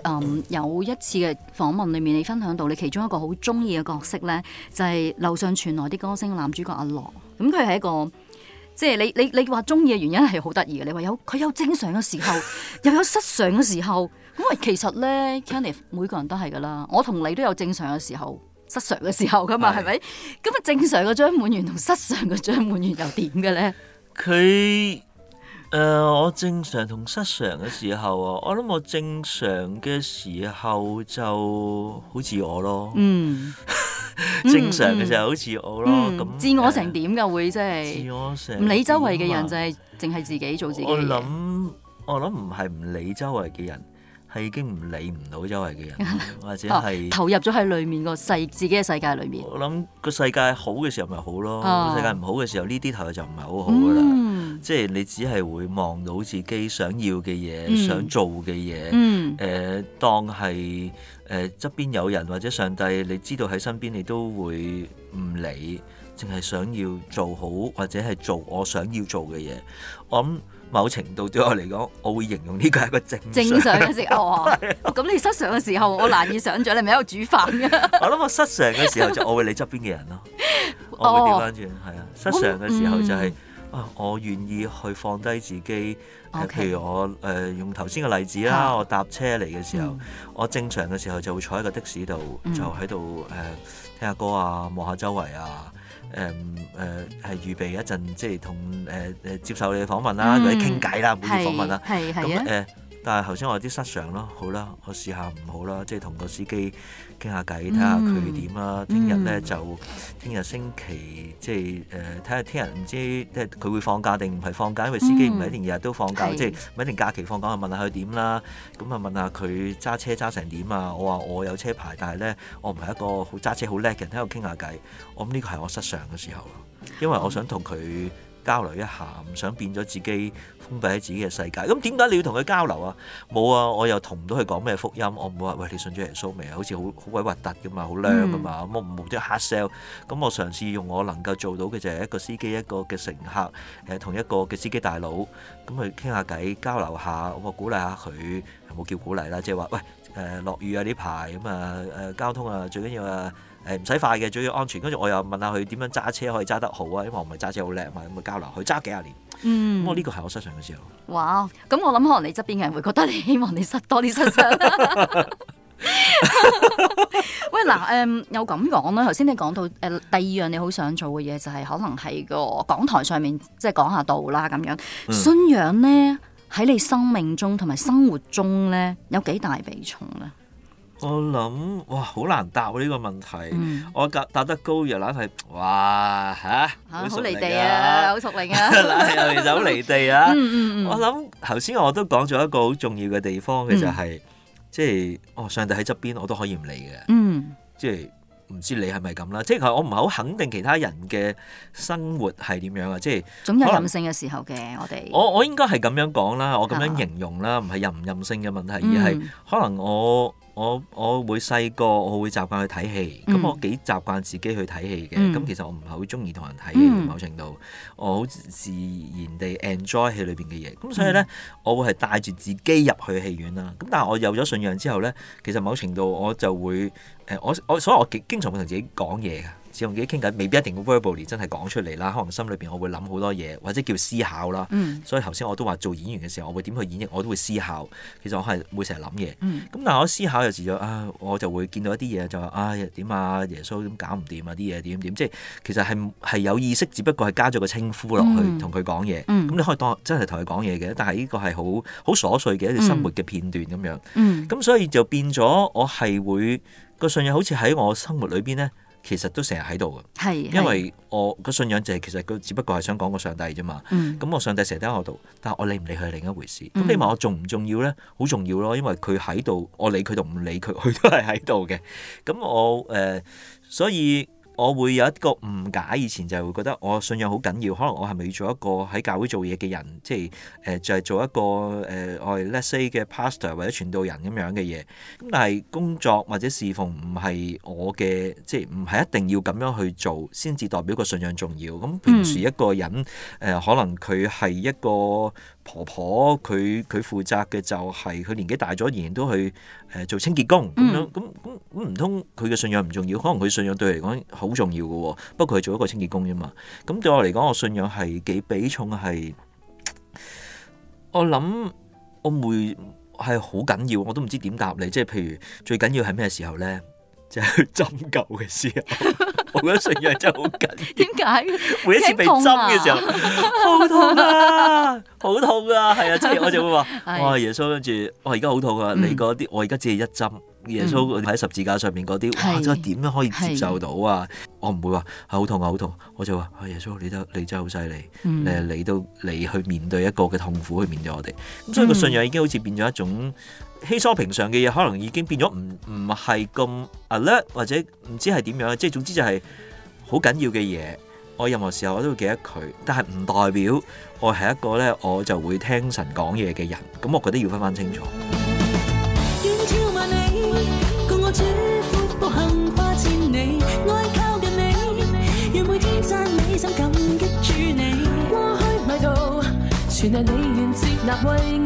有一次嘅訪問裏面，你分享到你其中一個好中意嘅角色呢，就係、是、樓上傳來啲歌聲，男主角阿樂，咁佢係一個。即係你你你話中意嘅原因係好得意嘅，你話有佢有正常嘅時候， [laughs] 又有失常嘅時候。咁啊，其實咧 Kenneth 每個人都係噶啦，我同你都有正常嘅時候、失常嘅時候噶嘛，係咪？咁啊，正常嘅張滿源同失常嘅張滿源又點嘅咧？佢誒、呃，我正常同失常嘅時候啊，我諗我正常嘅時候就好似我咯，嗯。嗯嗯、正常嘅時候好似我咯，咁、嗯、樣自我成點噶會即係？自我成唔理周圍嘅人就係淨係自己做自己我想。我諗我諗唔係唔理周圍嘅人，係已經唔理唔到周圍嘅人，或者係、 [laughs] 啊、投入咗喺裏面個世自己嘅世界裏面。我諗個世界好嘅時候咪好咯，啊、世界唔好嘅時候呢啲投入就唔係好好噶啦。即係、嗯、你只係會望到自己想要嘅嘢，嗯、想做嘅嘢，誒、嗯嗯、當係。誒，側邊、呃、有人或者上帝，你知道喺身邊，你都會唔理，淨係想要做好或者係做我想要做嘅嘢。我諗某程度對我嚟講，我會形容呢個係一個正常嘅時候。咁、哦 [laughs] 啊、你失常嘅時候，我難以想象你咪喺度煮飯嘅。 [laughs] 我諗我失常嘅時候就我會理側邊嘅人咯。我會調翻轉，係、哦、啊，失常嘅時候就係、是。我願意去放低自己，Okay. 譬如我誒、呃、用頭先嘅例子啦，Yeah. 我搭車嚟嘅時候，mm. 我正常嘅時候就會坐喺個的士度，mm. 就喺度誒聽下歌啊，望下周圍啊，誒誒係預備一陣，即係同誒誒接受你嘅訪問啦、啊，mm. 或者傾偈啦，每次訪問啦、啊，咁誒、mm. 呃，但係頭先我有啲失常咯，好啦，我試下唔好啦，即係同個司機，傾下偈，睇下佢點啦。聽日咧就聽日星期，即係誒睇下聽日唔知即係佢會放假定唔係放假，嗯、因為司機唔係一定日日都放假，是即係唔一定假期放假，去問下佢點啦。咁啊問下佢揸車揸成點啊。我話我有車牌，但係咧我唔係一個好揸車好叻嘅人，喺度傾下偈，我諗呢個係我失常嘅時候，因為我想同佢交流一下，唔想變咗自己。封閉喺自己嘅世界，咁點解你要同佢交流啊？冇啊，我又同唔到佢講咩福音，我冇話喂你信咗耶穌未啊？好似好好鬼核突噶嘛，好僆噶嘛，嗯、我唔冇啲 hard sell。咁我嘗試用我能夠做到嘅就係一個司機一個嘅乘客，誒、呃、同一個嘅司機大佬咁、嗯、去傾下偈交流下，我鼓勵下佢，冇叫鼓勵啦，即係話喂誒落、呃、雨啊呢排咁啊誒交通啊最緊要啊！誒唔使快嘅，仲要安全。跟住我又問下佢點樣揸車可以揸得好啊，因為我唔係揸車好叻嘛，咁咪交流。佢揸幾廿年，咁我呢個係我失常嘅時候。哇！咁我諗可能你側邊嘅人會覺得，你希望你失多啲失常。 [laughs] [laughs] [laughs] 喂嗱，誒又咁講啦，頭、呃、先你講到誒、呃、第二樣你好想做嘅嘢就係可能係個講台上面即係講下道啦咁樣。嗯、信仰咧喺你生命中同埋生活中咧有幾大比重咧？我諗哇，好難答呢個問題。嗯、我架答得高又懶係哇吓，好離、啊啊、地啊，好熟練啊， [laughs] 又走離地啊。嗯嗯嗯、我諗頭先我都講咗一個好重要嘅地方嘅、嗯、就係、是，即係哦，上帝喺側邊，我都可以唔理嘅。即係唔知你係咪咁啦。即係我唔係好肯定其他人嘅生活係點樣啊。即係總有任性嘅時候嘅我哋。我我，我，我應該係咁樣講啦，我咁樣形容啦，唔係任唔任性嘅問題，而係、嗯、可能我。我我，我會細個，我會習慣去睇戲，咁我幾習慣自己去睇戲嘅，咁、嗯、其實我唔係好中意同人睇，嗯、某程度我好自然地 enjoy 戲裏邊嘅嘢，咁所以呢，我會係帶住自己入去戲院啦，咁但係我有咗信仰之後呢，其實某程度我就會。我我所以我經常會同自己講嘢嘅，只用自己傾偈，未必一定嘅 verbally 真係講出嚟啦。可能心裏邊我會諗好多嘢，或者叫思考啦。嗯、所以頭先我都話做演員嘅時候，我會點去演繹，我都會思考。其實我係會成日諗嘢。咁但係我思考有時就啊，我就會見到一啲嘢就話唉點啊，耶穌咁搞唔掂啊啲嘢點點，即係其實係係有意識，只不過係加咗個稱呼落去同佢講嘢。咁、嗯嗯嗯、你可以當真係同佢講嘢嘅，但係呢個係好好瑣碎嘅一啲生活嘅片段咁樣嗯。嗯。咁、嗯嗯、所以就變咗我係會。個信仰好似喺我生活裏邊咧，其實都成日喺度嘅。係，因為我個信仰就係其實佢只不過係想講個上帝啫嘛。咁、嗯、我上帝成日都喺我度，但係我理唔理佢係另一回事。咁你話我重唔重要咧，好重要咯。因為佢喺度，我理佢同唔理佢，佢都係喺度嘅。咁我誒、呃，所以。我會有一個誤解，以前就會覺得我信仰好緊要，可能我係咪要做一個喺教會做嘢嘅人，即係誒、呃、就係、是、做一個誒我、呃、係 let's say 嘅 pastor 或者傳道人咁樣嘅嘢。咁但係工作或者侍奉唔係我嘅，即係唔係一定要咁樣去做先至代表個信仰重要。咁平時一個人誒、嗯呃，可能佢係一個，婆婆佢佢負責嘅就係、是、佢年紀大咗，仍然都去誒、呃、做清潔工咁、嗯、樣，咁咁咁唔通佢嘅信仰唔重要？可能佢信仰對佢嚟講好重要嘅，不過佢係做一個清潔工啫嘛。咁對我嚟講，我信仰係幾比重係，我諗我妹係好緊要，我都唔知點答你。即係譬如最緊要係咩時候咧？就去針灸嘅時候，我覺得信仰真係好緊。點解？每一次被針嘅時候，痛啊、 [laughs] 好痛啊！好痛啊！係啊，即、就、係、是、我就會話是，哇！耶穌跟住，我而家好痛啊！嗯、你嗰啲，我而家只係一針。耶穌喺十字架上面嗰啲，是哇！真係點樣可以接受到啊？是我唔會話好、啊、痛啊，好痛、啊！我就話、啊，耶穌，你真你真係好犀利！你係你你、嗯、你，你，你去面對一個嘅痛苦去面對我哋。咁所以個信，個信仰已經好似變咗一種。稀疏平常嘅嘢可能已經變咗唔，唔係咁 alert 或者唔知係點樣，即係總之就係好緊要嘅嘢。我任何時候我都會記得佢，但係唔代表我係一個咧，我就會聽神講嘢嘅人。咁、嗯、我覺得要分翻清楚。願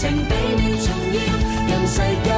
情比你重要，任世間。 [noise]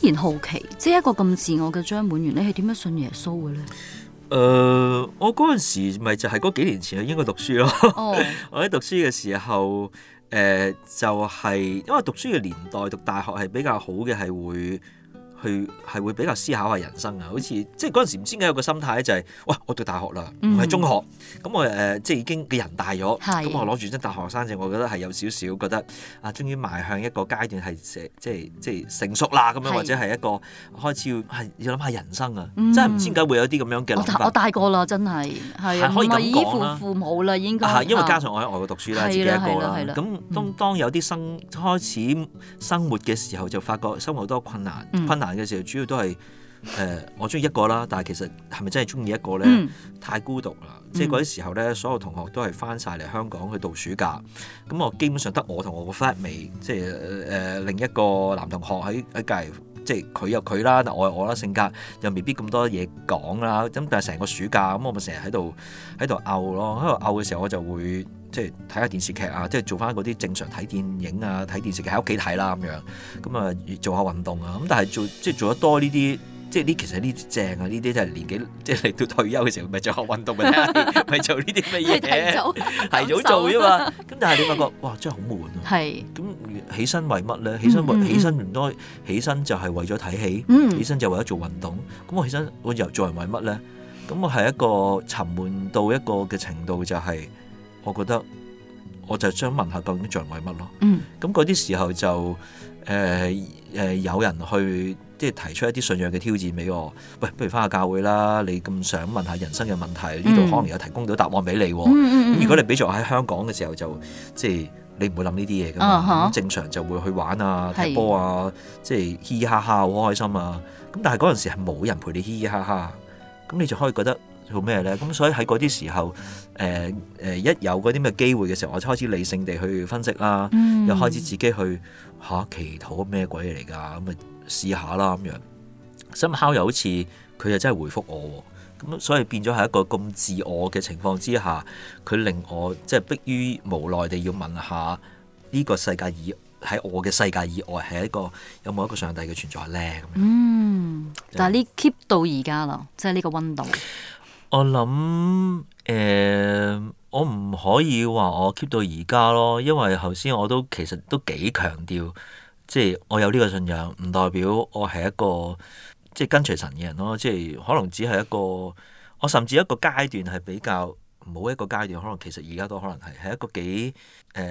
忽然好奇，即係一個咁自我嘅張滿源，你係點樣信耶穌嘅咧？誒、呃，我嗰陣時咪就係、是、嗰幾年前去英國讀書咯。 [laughs] 我喺讀書嘅時候，誒、呃，就係、是、因為讀書嘅年代，讀大學係比較好嘅，係會。佢係會比較思考下人生啊，好似即係嗰陣時唔知點解有個心態就係、是，哇！我讀大學啦，唔係中學，咁我誒即係已經嘅人大咗，咁是我攞住張大學生證，我覺得係有少少覺得啊，終於邁向一個階段係即係即係成熟啦咁樣，或者係一個開始要係要諗下人生啊，是真係唔知點解會有啲咁樣嘅諗法我。我大個啦，真係係可以咁講啦，父母啦，應該啊，因為加上我喺外國讀書啦，自己一個啦，咁當當有啲生開始生活嘅時候，就發覺生活好多困難，困難、嗯。嘅時候主要都係誒、呃，我中意一個啦，但係其實係咪真係中意一個咧？嗯、太孤獨啦，嗯、即係嗰啲時候咧，所有同學都係翻晒嚟香港去度暑假，咁我基本上得我同我個 friend 未，即係誒另一個男同學喺喺隔籬。即係佢有佢啦，但我係我啦，性格又未必咁多嘢講啦。咁但係成個暑假咁，我咪成日喺度喺度拗咯。喺度拗嘅時候，我就，我就會即係睇下電視劇啊，即係做翻嗰啲正常睇電影啊、睇電視劇喺屋企睇啦咁樣。咁啊做下運動啊。咁但係做即係做得多呢啲。即係呢，其實呢啲正啊，呢啲就係年紀，即係嚟到退休嘅時候，咪做下運動，咪咪做呢啲咩嘢？提早做啫嘛。咁但係你發覺，哇，真係好悶啊。係。咁起身為乜咧？起身，起身唔多，起身就係為咗睇戲。嗯。起身就為咗做運動。咁我起身，我又做人為乜咧？咁我係一個沉悶到一個嘅程度，就係我覺得，我就想問下究竟做人為乜咯？嗯。咁嗰啲時候就誒誒有人去。即係提出一啲信仰嘅挑戰俾我，喂，不如翻下教會啦。 [noise] 你咁想問下人生嘅問題，呢度、嗯、可能有提供到答案俾你。咁、嗯嗯嗯嗯、如果你俾咗我喺香港嘅時候，就即係你唔會諗呢啲嘢噶嘛。哦、正常就會去玩啊，踢波啊，是的 即係嘻嘻哈哈好開心啊。咁但係嗰陣時係冇人陪你嘻嘻哈哈，咁你就可以覺得做咩咧？咁所以喺嗰啲時候，誒誒一有嗰啲咩機會嘅時候，我就開始理性地去分析啦、啊，又開始自己去嚇祈禱咩鬼嚟㗎咁啊！啊啊啊啊試下啦咁樣，心烤又好似佢又真係回覆我，咁所以變咗係一個咁自我嘅情況之下，佢令我即係迫於無奈地要問下呢、這個世界以喺我嘅世界以外係一個有冇一個上帝嘅存在呢？嗯、就但係你 keep 到而家啦，即係呢個溫度。我諗誒、呃，我唔可以話我 keep 到而家咯，因為頭先我都其實都幾強調。即係我有呢個信仰，唔代表我係一個即係跟隨神嘅人咯。即係可能只係一個，我甚至一個階段係比較冇一個階段，可能其實而家都可能係係一個幾誒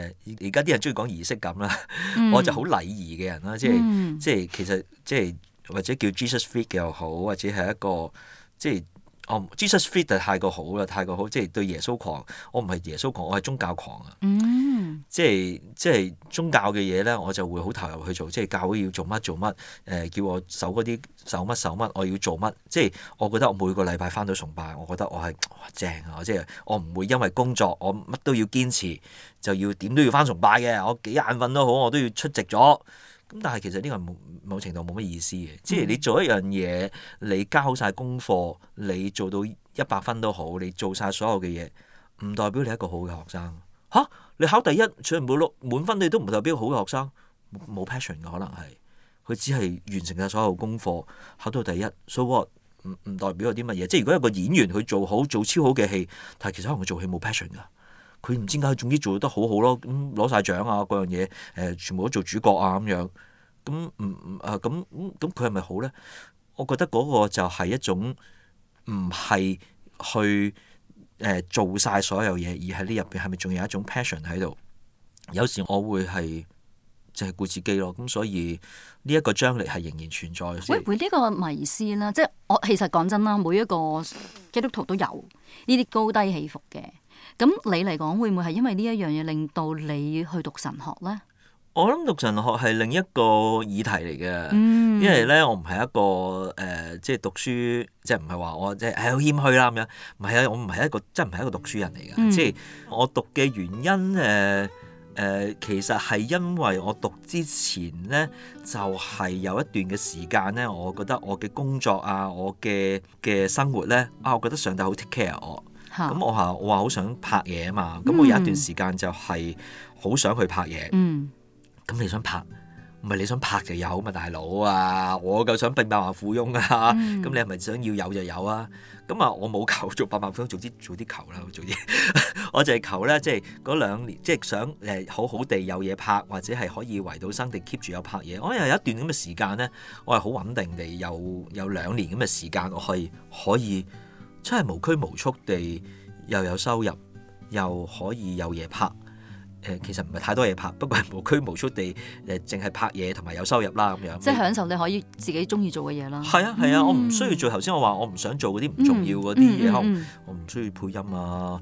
而家啲人中意講儀式感啦。嗯、 [laughs] 我就好禮儀嘅人啦，即係、嗯、即係其實即係或者叫 Jesus Freak 又好，或者係一個即係。.哦，Jesus fit 就太過好啦，太過好，即係對耶穌狂。我唔係耶穌狂，我係宗教狂啊、mm.。即係即係宗教嘅嘢咧，我就會好投入去做。即係教會要做乜做乜，誒、呃、叫我守嗰啲守乜守乜，我要做乜。即係我覺得我每個禮拜翻到崇拜，我覺得我係正啊。即係我唔會因為工作，我乜都要堅持，就要點都要翻崇拜嘅。我幾眼瞓都好，我都要出席咗。咁但係其實呢個冇冇程度冇乜意思嘅，即係你做一樣嘢，你交晒功課，你做到一百分都好，你做晒所有嘅嘢，唔代表你係一個好嘅學生。吓、啊，你考第一，雖然冇攞滿分，你都唔代表好嘅學生，冇 passion 嘅可能係，佢只係完成晒所有功課，考到第一，so what？唔唔代表有啲乜嘢？即係如果有個演員去做好做超好嘅戲，但係其實可能佢做戲冇 passion 噶。佢唔知解，佢總之做得好好咯，咁攞晒獎啊，嗰樣嘢，誒，全部都做主角啊咁樣，咁唔啊咁咁，佢係咪好咧？我覺得嗰個就係一種唔係去誒、嗯、做晒所有嘢，而喺呢入邊係咪仲有一種 passion 喺度？有時我會係就係顧自己咯，咁所以呢一個張力係仍然存在會。會會呢個迷思啦，即係我其實講真啦，每一個基督徒都有呢啲高低起伏嘅。咁你嚟講會唔會係因為呢一樣嘢令到你去讀神學咧？我諗讀神學係另一個議題嚟嘅，嗯、因為咧我唔係一個誒、呃，即係讀書，即係唔係話我即係誒好謙虛啦咁樣，唔係啊，我唔係一個即係唔係一個讀書人嚟嘅。嗯、即係我讀嘅原因誒誒、呃呃，其實係因為我讀之前咧就係、是、有一段嘅時間咧，我覺得我嘅工作啊，我嘅嘅生活咧啊，我覺得上帝好 take care 我。咁我話我話好想拍嘢啊嘛，咁我有一段時間就係好想去拍嘢。咁、嗯、你想拍，唔係你想拍就有嘛，大佬啊！我夠想變百萬富翁啊！咁、嗯、你係咪想要有就有啊？咁啊，我冇求做百萬富翁，總之做啲求啦，做啲。 [laughs] 我呢就係求咧，即係嗰兩年，即、就、係、是、想誒好好地有嘢拍，或者係可以維到生，定 keep 住有拍嘢。我、哎、又有一段咁嘅時間咧，我係好穩定地有有兩年咁嘅時間，我係可以。可以真係無拘無束地又有收入，又可以有嘢拍。誒、呃，其實唔係太多嘢拍，不過係無拘無束地誒，淨、呃、係拍嘢同埋有收入啦咁樣。即係享受你可以自己中意做嘅嘢啦。係啊係啊，我唔需要做頭先我話我唔想做嗰啲唔重要嗰啲嘢，嗯嗯嗯嗯、我唔需要配音啊，誒、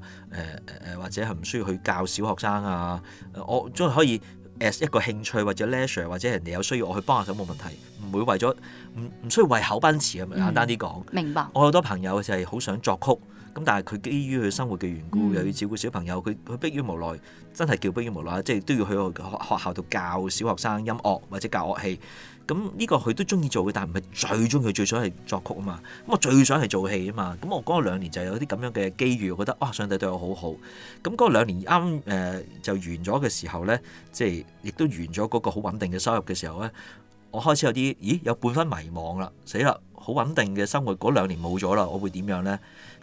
呃、誒或者係唔需要去教小學生啊，我總係可以。一個興趣或者 leisure，或者人哋有需要我去幫下手，冇問題。唔會為咗唔唔需要為口奔馳，咁簡單啲講、嗯。明白。我好多朋友就係好想作曲。咁但係佢基於佢生活嘅緣故，嗯、又要照顧小朋友，佢佢迫於無奈，真係叫迫於無奈，即係都要去學學校度教小學生音樂或者教樂器。咁呢個佢都中意做嘅，但係唔係最中意，佢最想係作曲啊嘛。咁我最想係做戲啊嘛。咁我嗰個兩年就有啲咁樣嘅機遇，我覺得，哦，上帝對我好好。咁嗰兩年啱誒、呃、就完咗嘅時候咧，即係亦都完咗嗰個好穩定嘅收入嘅時候咧，我開始有啲咦有半分迷茫啦，死啦！好穩定嘅生活嗰兩年冇咗啦，我會點樣咧？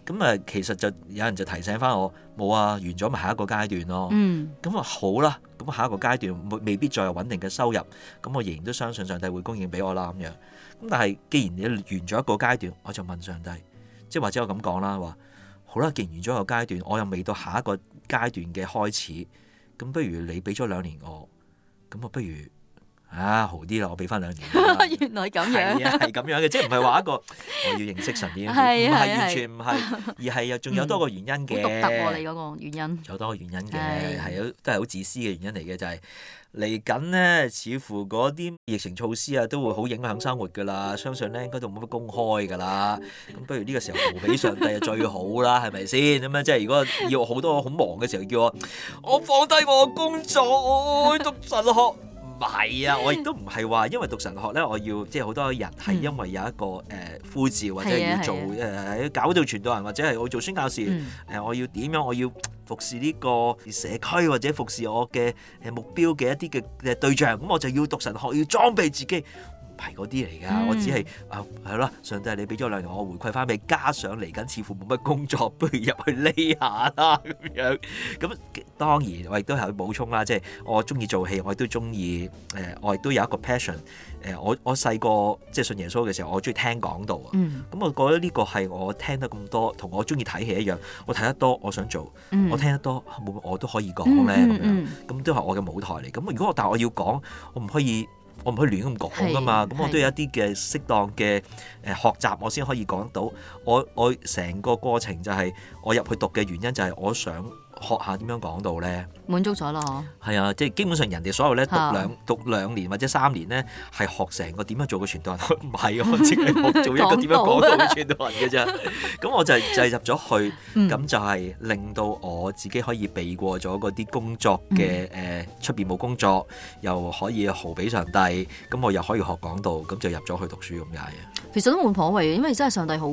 咁啊，其實就有人就提醒翻我，冇啊，完咗咪下一個階段咯。咁啊、mm. 嗯、好啦，咁下一個階段未必再有穩定嘅收入，咁、嗯、我仍然都相信上帝會供應俾我啦咁樣。咁但係既然你完咗一個階段，我就問上帝，即係或者我咁講啦，話好啦，既然完咗一個階段，我又未到下一個階段嘅開始，咁不如你俾咗兩年我，咁啊不如。啊，好啲咯，我俾翻兩年。 [laughs] 原來咁樣，係咁樣嘅，即係唔係話一個我要認識神啲，唔係 [laughs] 的完全唔係，而係又仲有多個原因嘅。好、嗯、獨特、啊、你嗰個原因。有多個原因嘅，係的都係好自私嘅原因嚟嘅，就係嚟緊呢，似乎嗰啲疫情措施啊，都會好影響生活噶啦。相信咧，應該都冇乜公開噶啦。咁不如呢個時候求起上帝就最好啦，係咪先？咁樣即係如果要好多好忙嘅時候，叫我我放低我工作，我讀神學。 [laughs] 唔係啊！我亦都唔係話，因為讀神學咧，我要即係好多人係因為有一個誒呼召，或者要做誒、呃、搞到傳道人，或者係我做宣教士誒、嗯呃，我要點樣？我要服侍呢個社區，或者服侍我嘅誒目標嘅一啲嘅誒對象，咁我就要讀神學，要裝備自己。排嗰啲嚟噶，嗯、我只係啊係咯，上帝你俾咗力量，我回饋翻俾，加上嚟緊似乎冇乜工作，不如入去匿下啦咁樣。咁當然我亦都係去補充啦，即、就、係、是、我中意做戲，我亦都中意誒，我亦都有一個 passion、呃。誒，我我細個即係信耶穌嘅時候，我中意聽講道啊。咁、嗯、我覺得呢個係我聽得咁多，同我中意睇戲一樣。我睇得多，我想做；嗯、我聽得多，我都可以講咧。咁、嗯嗯、樣咁都係我嘅舞台嚟。咁如果我但我要講，我唔可以。我唔可以亂咁講噶嘛，咁我都有一啲嘅適當嘅誒學習，我先可以講到。我我成個過程就係我入去讀嘅原因就係我想，學下點樣講道咧，滿足咗啦嗬。係啊，即係基本上人哋所有咧的讀兩讀兩年或者三年咧，係學成個點樣做個傳道人唔係 [laughs] 我只係冇做一個點 [laughs] 港道 樣講道嘅傳道人嘅啫。咁 [laughs] [laughs] [laughs] 我就係、就係、入咗去，咁就係令到我自己可以避過咗嗰啲工作嘅誒，出邊冇工作又可以毫俾上帝，咁我又可以學講道，咁就入咗去讀書咁樣嘅。其實都冇所謂，因為真係上帝好。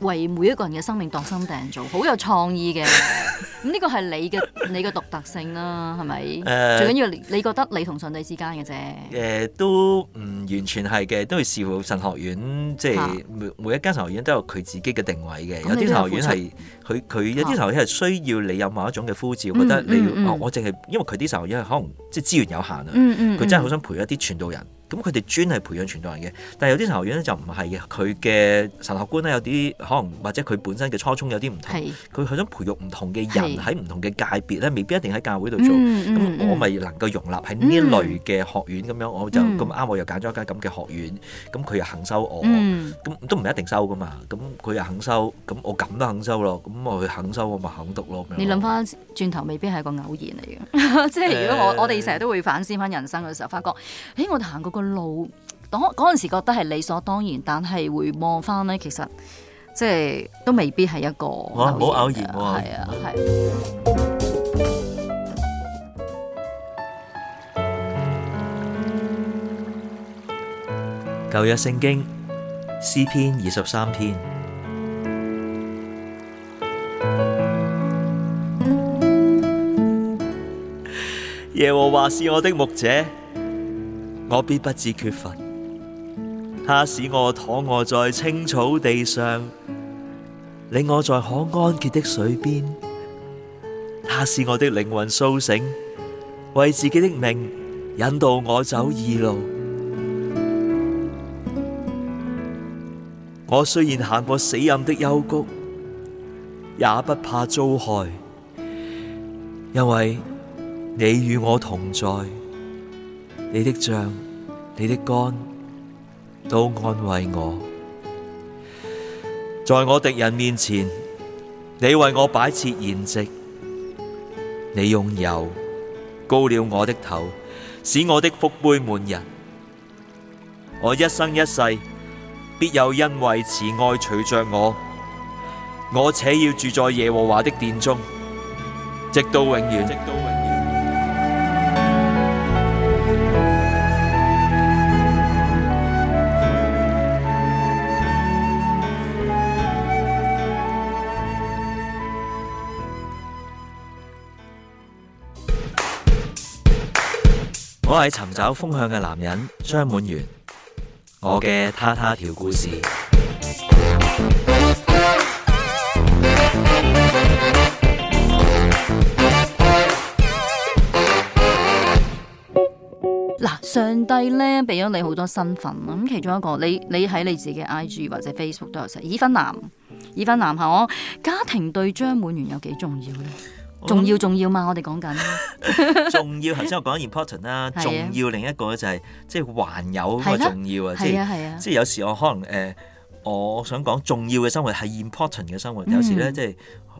為每一個人嘅生命度身訂做，好有創意嘅。咁呢個係你嘅你嘅獨特性啦，係咪？呃、最緊要你覺得你同上帝之間嘅啫。誒、呃，都唔完全係嘅，都要視乎神學院，即係每每一間神學院都有佢自己嘅定位嘅。啊、有啲神學院係佢佢有啲神學院係需要你有某一種嘅呼召。我、嗯嗯嗯、覺得你、哦、我我淨係因為佢啲神學院可能即係資源有限啊，佢、嗯嗯嗯、真係好想陪一啲傳道人。咁佢哋專係培養傳道人嘅，但係有啲神學院咧就唔係嘅，佢嘅神學觀咧有啲可能或者佢本身嘅初衷有啲唔同。佢係是想培育唔同嘅人喺唔是同嘅界別咧，未必一定喺教會度做。咁、嗯嗯、我咪能夠容納喺呢類嘅學院咁、嗯、樣，我就咁啱、嗯，我又揀咗一間咁嘅學院，咁佢又肯收我，咁、嗯、都唔一定收㗎嘛。咁佢又肯收，咁我咁都肯收咯。咁我佢肯收，我咪肯讀咯。你諗翻轉頭，未必係個偶然嚟嘅。 [laughs] 即係如果我、欸、我哋成日都會反思翻人生嘅時候，發覺，哎，我哋行過個路，嗰嗰陣時覺得係理所當然，但係回望翻呢？其實即係都未必係一個，好偶然係啊！係舊約聖經詩篇二十三篇，耶 [laughs] 和華是我的牧者。我必不致缺乏，它使我躺臥在青草地上，令我在可安歇的水邊。它使我的靈魂蘇醒，為自己的命引導我走義路。我雖然行過死蔭的幽谷，也不怕遭害，因為你與我同在。你的杖、你的竿，都安慰我，在我敵人面前，你為我擺設筵席，你用油膏了我的頭，使我的福杯滿溢。我一生一世必有恩惠慈愛隨着我，我且要住在耶和華的殿中，直到永遠。我係尋找風向嘅男人張滿源，我嘅他她調故事。嗱，上帝咧俾咗你好多身份，咁其中一個，你你喺你自己 IG 或者 Facebook 都有寫已婚男，已婚男下，我家庭對張滿源有幾重要咧？重要重要嘛，我哋講緊重要，頭先我講緊 important 啦。重要另一個咧就係即係還有個重要啊，即係有時我可能誒，我想講重要嘅生活係 important 嘅生活。有時咧即係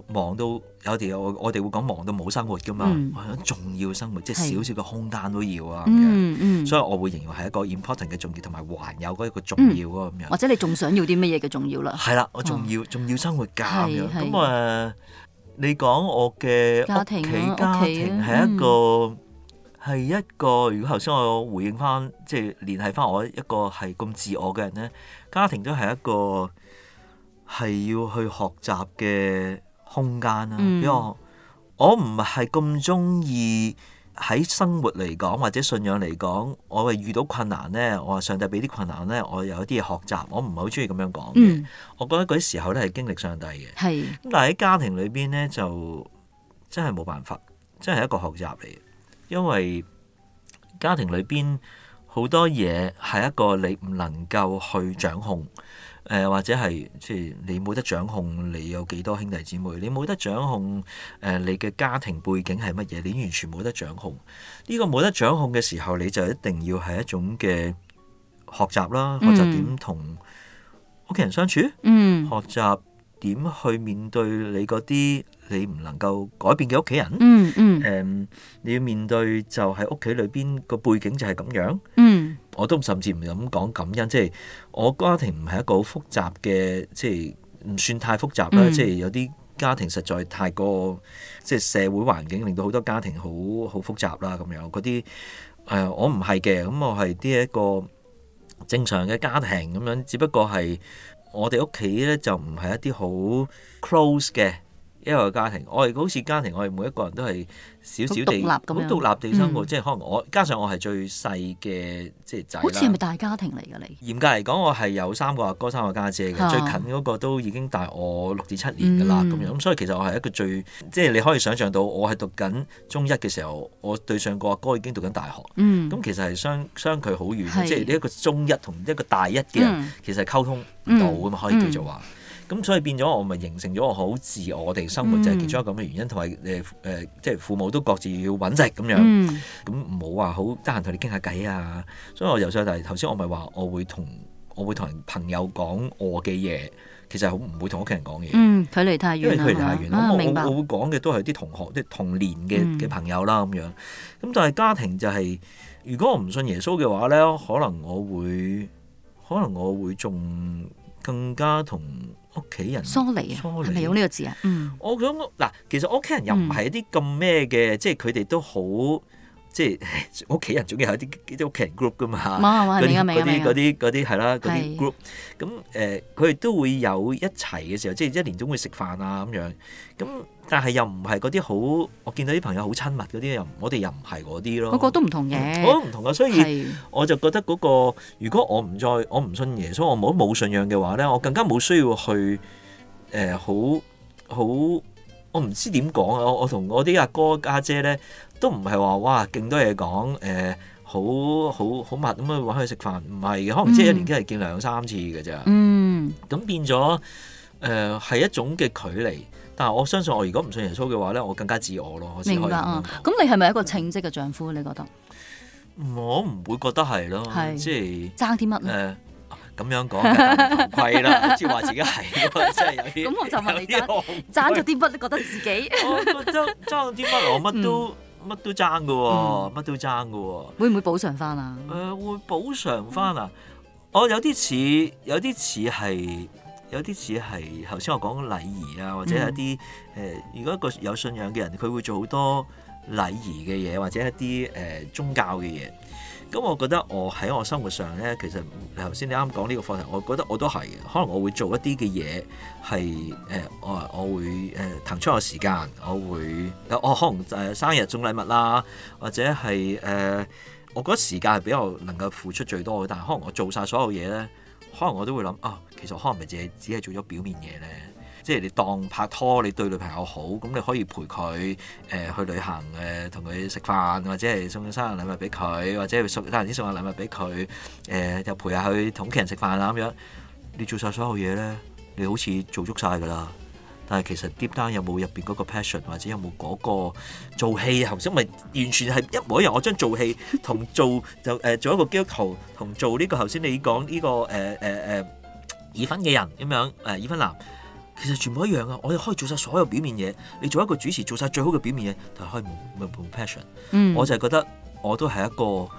忙到有啲我哋會講忙到冇生活㗎嘛。我講重要生活即係少少嘅空間都要啊。咁嗯。所以我會認為係一個 important 嘅重要同埋還有嗰一個重要咯咁樣。或者你仲想要啲乜嘢嘅重要啦？係啦，我仲要仲要生活感嘅咁啊。你講我嘅屋企家庭係庭一個係、嗯、一個，如果頭先我回應返，即係聯繫返我一個係咁自我嘅人咧，家庭都係一個係要去學習嘅空間啦。因為、嗯、我唔係咁中意，喺生活嚟講或者信仰嚟講，我係遇到困難呢。我話上帝俾啲困難呢，我有啲嘢學習，我唔係好中意咁樣講、嗯、我覺得嗰啲時候呢係經歷上帝嘅。係。但係喺家庭裏邊呢，就真係冇辦法，真係一個學習嚟嘅，因為家庭裏邊好多嘢係一個你唔能夠去掌控。誒或者係即係你冇得掌控，你有幾多兄弟姊妹？你冇得掌控誒、呃，你嘅家庭背景係乜嘢？你完全冇得掌控。呢個冇得掌控嘅時候，你就一定要係一種嘅學習啦，嗯、學習點同屋企人相處，嗯，學習點去面對你嗰啲。你唔能夠改變嘅屋企人，嗯嗯，誒、嗯，um, 你要面對就喺屋企裏邊個背景就係咁樣，嗯，我都甚至唔敢講感恩，即、就、係、是、我家庭唔係一個好複雜嘅，即係唔算太複雜啦，即係、嗯、有啲家庭實在太過即係、就是、社會環境令到好多家庭好好複雜啦，咁樣嗰啲誒，我唔係嘅，咁我係啲一個正常嘅家庭咁樣，只不過係我哋屋企咧就唔係一啲好 close 嘅。一個家庭，我哋好似家庭，我哋每一個人都係少少地，好獨立咁樣，好獨立地生即係可能我、嗯、加上我係最細嘅即係仔啦。係咪大家庭嚟㗎？你嚴格嚟講，我係有三個阿哥，哥、三個家姐嘅，啊、最近嗰個都已經大我六至七年㗎啦。咁、嗯、樣咁，所以其實我係一個最即係你可以想象到，我係讀緊中一嘅時候，我對上個阿哥，哥已經讀緊大學。咁、嗯、其實係相相距好遠是即係呢一個中一同一個大一嘅人，嗯、其實溝通唔到㗎嘛，可以叫做話。咁所以變咗我咪形成咗我好自我哋生活、嗯、就係其中一個咁嘅原因，同埋誒誒，即係父母都各自要揾食咁樣，咁唔好話好得閒同你傾下偈啊！所以我由細就係頭先我咪話我會同我會同朋友講我嘅嘢，其實好唔會同屋企人講嘢、嗯，距離太遠因為佢離太遠，啊、我白我會講嘅都係啲同學啲童年嘅嘅朋友啦咁、嗯、樣。咁但係家庭就係、是、如果我唔信耶穌嘅話咧，可能我會，可能我會仲更加同。屋企人疏離啊，係咪用呢個字啊？嗯，我諗嗱，其實屋企人又唔係一啲咁咩嘅，嗯、即係佢哋都好。即係屋企人總，總有啲啲屋企人 group 㗎嘛，嗰啲啲啲係啦，嗰啲 group 的。咁誒，佢、呃、哋都會有一齊嘅時候，即係一年總會食飯啊咁樣。咁但係又唔係嗰啲好，我見到啲朋友好親密嗰啲又，我哋又唔係嗰啲咯。嗰個都唔同嘅，我都唔同啊。所以的我就覺得嗰、嗰個如果我唔再我唔信耶穌，我冇冇信仰嘅話咧，我更加冇需要去誒、呃、好好，好，好，我唔知點講啊！我同我啲阿哥家姐咧。都唔係話哇，勁多嘢講誒，好好好密咁啊，去搵佢食飯唔係嘅，可能即係一年期係見兩三次嘅啫。嗯，咁變咗誒係一種嘅距離。但係我相信我如果唔信耶穌嘅話咧，我更加自我咯。我可以明白啊。咁你係咪一個稱職嘅丈夫？你覺得？我唔會覺得係咯，是即係爭啲乜？誒，咁、呃、樣講係虧啦，即係話自己係咁，我就問你爭爭咗啲乜？你 [laughs] 覺得自己爭咗啲乜？我乜都。 [laughs] 嗯乜都爭㗎喎，乜、嗯、都爭㗎喎，會唔會補償返啊？誒、呃，會補償返啊！嗯、我有啲似，有啲似係，有啲似係頭先我講嘅禮儀啊，或者係一啲誒、呃，如果一個有信仰嘅人，佢會做好多禮儀嘅嘢，或者一啲誒、呃、宗教嘅嘢。咁我覺得我喺我生活上咧，其實你頭先你啱講呢個課題，我覺得我都係可能我會做一啲嘅嘢，係、呃、誒我我會誒騰出我時間，我會、呃、我，我會、哦、可能就係生日送禮物啦，或者係誒、呃、我覺得時間係比較能夠付出最多嘅。但係可能我做晒所有嘢咧，可能我都會諗啊、哦，其實可能咪只係只係做咗表面嘢咧。即係你當拍拖，你對女朋友好，咁你可以陪佢誒、呃、去旅行誒，同佢食飯，或者係送生日禮物俾佢，或者係送生送禮物俾佢誒，就陪下去同屋企人食飯啊咁樣。你做晒所有嘢咧，你好似做足晒㗎啦。但係其實 deep down 有冇入邊嗰個 passion，或者有冇嗰、那個做戲啊？頭先咪完全係一模一樣。我將做戲同做就誒、呃、做一個基督徒，同做呢、這個頭先你講呢、這個誒誒誒已婚嘅人咁樣誒已婚男。其實全部一樣啊！我哋可以做晒所有表面嘢，你做一個主持做晒最好嘅表面嘢同開門同 passion。嗯，我就係覺得我都係一個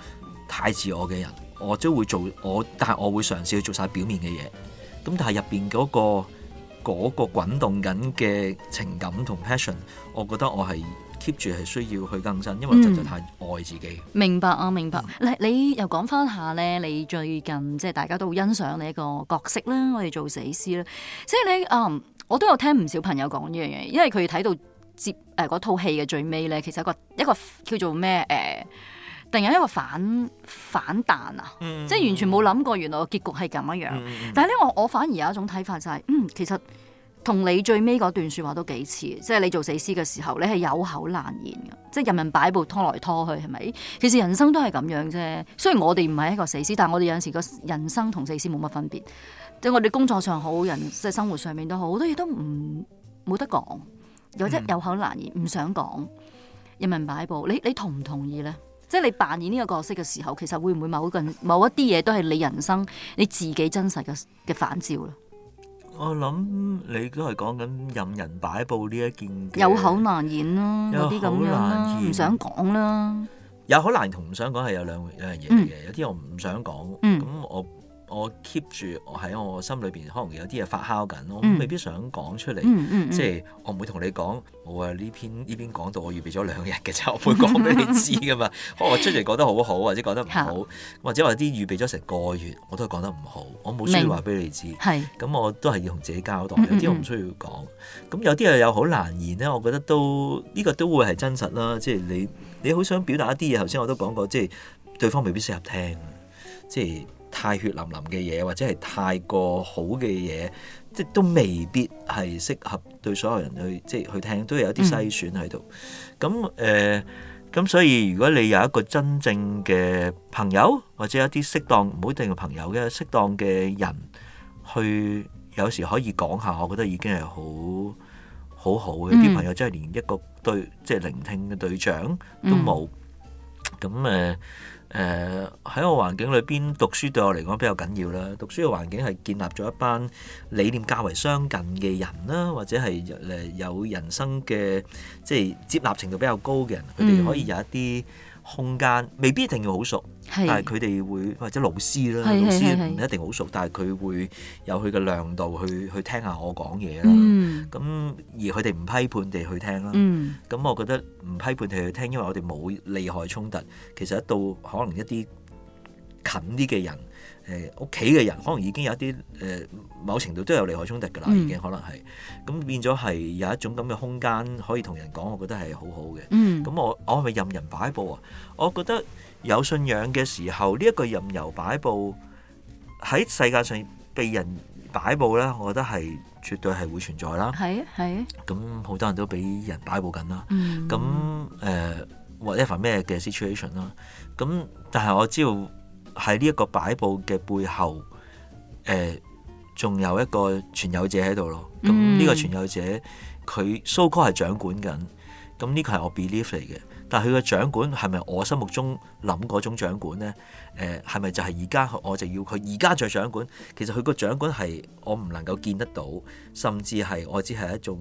太自我嘅人，我都會做我，但係我會嘗試去做晒表面嘅嘢。咁但係入邊嗰個嗰嗰個滾動緊嘅情感同 passion，我覺得我係，keep 住係需要去更新，因為真係太愛自己，嗯。明白啊，明白。 [noise] 你你又講翻下咧，你最近即係大家都好欣賞你一個角色啦，我哋做死屍啦。所以你嗯，我都有聽唔少朋友講呢樣嘢，因為佢睇到接誒嗰套戲嘅最尾咧，其實一個一個叫做咩誒，突、呃、然有一個反反彈啊，嗯、即係完全冇諗過原來個結局係咁樣樣。嗯嗯、但係咧，我我反而有一種睇法就係，嗯，其實。同你最尾嗰段説話都幾似，即係你做死屍嘅時候，你係有口難言嘅，即係任人擺布拖來拖去，係咪？其實人生都係咁樣啫。雖然我哋唔係一個死屍，但係我哋有陣時個人生同死屍冇乜分別。即係我哋工作上好，人即係生活上面都好好多嘢都唔冇得講，有即有口難言，唔想講，任人擺布。你你同唔同意咧？即係你扮演呢個角色嘅時候，其實會唔會某個某一啲嘢都係你人生你自己真實嘅嘅反照啦？我諗你都係講緊任人擺布呢一件，有口難言啦、啊，有啲咁樣、啊，唔想講啦。有口難言同唔想講係有兩兩樣嘢嘅，嗯、有啲我唔想講，咁、嗯、我。我 keep 住我喺我心裏邊，可能有啲嘢發酵緊，我未必想講出嚟。即係我唔會同你講，我啊呢篇呢邊講到我預備咗兩日嘅啫，我會講俾你知噶嘛。我出嚟講得好好，或者講得唔好， [laughs] 或者話啲預備咗成個月，我都係講得唔好，我冇需要話俾你知。係咁，我都係要同自己交代。有啲我唔需要講。咁 [laughs] 有啲嘢又好難言咧，我覺得都呢個都會係真實啦。即係你你好想表達一啲嘢，頭先我都講過，即係對方未必適合聽即係。即係太血淋淋嘅嘢，或者係太過好嘅嘢，即係都未必係適合對所有人去即係去聽，都有一啲篩選喺度。咁誒，咁所以如果你有一個真正嘅朋友，或者一啲適當唔好定嘅朋友嘅適當嘅人，去有時可以講下，我覺得已經係好好好嘅。啲朋友真係連一個對即係聆聽嘅對象都冇。咁誒。誒喺個環境裏邊讀書對我嚟講比較緊要啦。讀書嘅環境係建立咗一班理念較為相近嘅人啦，或者係誒有人生嘅，即係接納程度比較高嘅人，佢哋可以有一啲。空間未必一定要好熟，是但係佢哋會或者老師啦，是是是是老師唔一定好熟，但係佢會有佢嘅量度去去聽下我講嘢啦。咁、嗯、而佢哋唔批判地去聽啦。咁、嗯、我覺得唔批判地去聽，因為我哋冇利害衝突。其實一到可能一啲近啲嘅人。誒屋企嘅人可能已經有一啲誒、呃、某程度都有利害衝突㗎啦，已經、嗯、可能係咁變咗係有一種咁嘅空間可以同人講，我覺得係好好嘅。嗯，咁我我係咪任人擺佈啊？我覺得有信仰嘅時候，呢一個任由擺佈喺世界上被人擺佈咧，我覺得係絕對係會存在啦。係啊，係啊。咁好多人都俾人擺佈緊啦。嗯。咁誒 whatever 咩嘅 situation 啦。咁但係我知道。喺呢一個擺佈嘅背後，誒、呃，仲有一個存有者喺度咯。咁呢、嗯、個存有者佢蘇科係掌管緊，咁呢個係我 belief 嚟嘅。但係佢嘅掌管係咪我心目中諗嗰種掌管呢？誒係咪就係而家我就要佢而家在再掌管？其實佢個掌管係我唔能夠見得到，甚至係我只係一種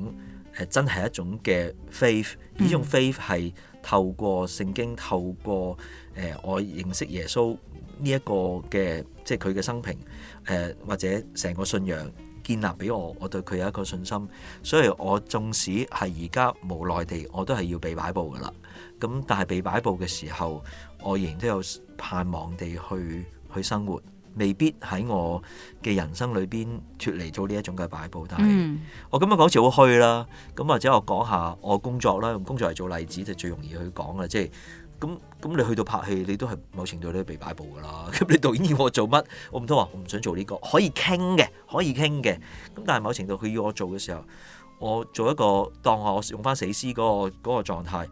係、呃、真係一種嘅 faith。呢種 faith 係透過聖經，透過誒、呃、我認識耶穌。呢一個嘅即係佢嘅生平，誒、呃、或者成個信仰建立俾我，我對佢有一個信心。所以，我縱使係而家無奈地，我都係要被擺佈噶啦。咁但係被擺佈嘅時候，我仍然都有盼望地去去生活，未必喺我嘅人生裏邊脫離咗呢一種嘅擺佈。但係、嗯、我今日講好似好虛啦。咁或者我講下我工作啦，用工作嚟做例子就最容易去講啦，即係。咁咁你去到拍戲，你都係某程度你都被擺布噶啦。咁 [laughs] 你導演要我做乜，我唔通話我唔想做呢個？可以傾嘅，可以傾嘅。咁但係某程度佢要我做嘅時候，我做一個當我用翻死屍嗰個嗰個狀態，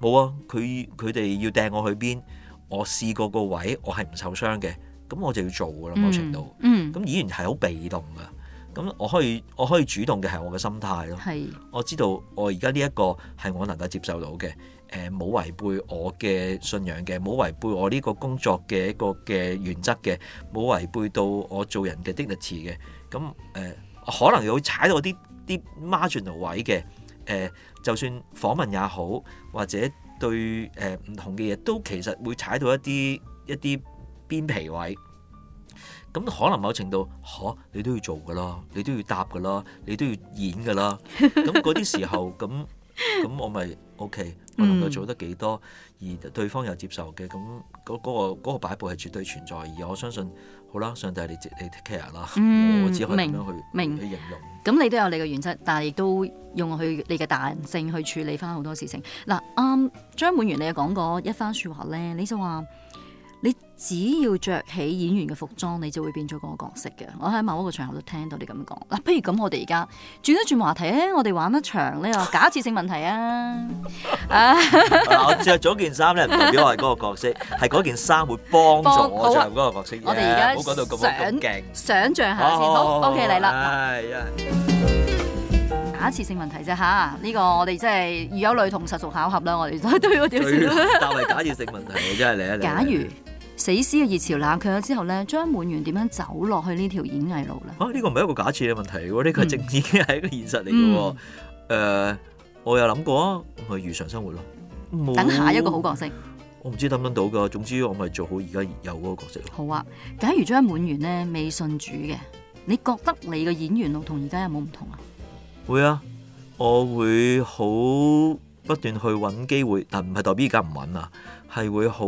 冇啊。佢佢哋要掟我去邊，我試過個位，我係唔受傷嘅。咁我就要做噶啦，某程度。嗯。咁、嗯、演員係好被動噶，咁我可以我可以主動嘅係我嘅心態咯。係我知道我而家呢一個係我能夠接受到嘅。誒冇違背我嘅信仰嘅，冇違背我呢個工作嘅一個嘅原則嘅，冇違背到我做人嘅 dignity 嘅。咁誒、呃、可能又會踩到啲啲 marginal 位嘅，誒、呃、就算訪問也好，或者對誒唔、呃、同嘅嘢都其實會踩到一啲一啲邊皮位。咁可能某程度嚇、啊、你都要做噶囉，你都要答噶囉，你都要演噶囉。咁嗰啲時候咁。 [laughs] 咁 iento [laughs] 那我咪 OK，我能夠做得幾多，而對方又接受嘅，咁嗰嗰個擺布係絕對存在，而我相信，好啦，上帝你你 care 啦，我只可以咁樣去去形容。咁你都有你嘅原則，但係亦都用去你嘅彈性去處理翻好多事情。嗱，啱張滿源你有講過一番説話咧，你就話。你只要着起演員嘅服裝，你就會變咗嗰個角色嘅。我喺某一個場合都聽到你咁講。嗱，不如咁，我哋而家轉一轉話題咧，我哋玩一場呢咧，假設性問題啊！我着咗件衫咧，唔代表我係嗰個角色，係嗰件衫會幫助我着嗰個角色。我哋而家唔好講到咁勁，想像下先。O K 嚟啦，假設性問題啫嚇。呢個我哋真係如有雷同，實屬巧合啦。我哋都都要小心。但係假設性問題，真係嚟一嚟。假如死屍嘅熱潮冷卻咗之後咧，張滿源點樣走落去呢條演藝路咧？啊，呢個唔係一個假設嘅問題嘅喎，呢個、嗯、正已經係一個現實嚟嘅喎。誒，我有諗過啊，去日常生活咯。等下一個好角色，我唔知等唔等到噶。總之我咪做好而家有嗰個角色咯。好啊，假如張滿源咧未信主嘅，你覺得你嘅演員路同而家有冇唔同啊？會啊，我會好不斷去揾機會，但唔係代表而家唔揾啊，係會好。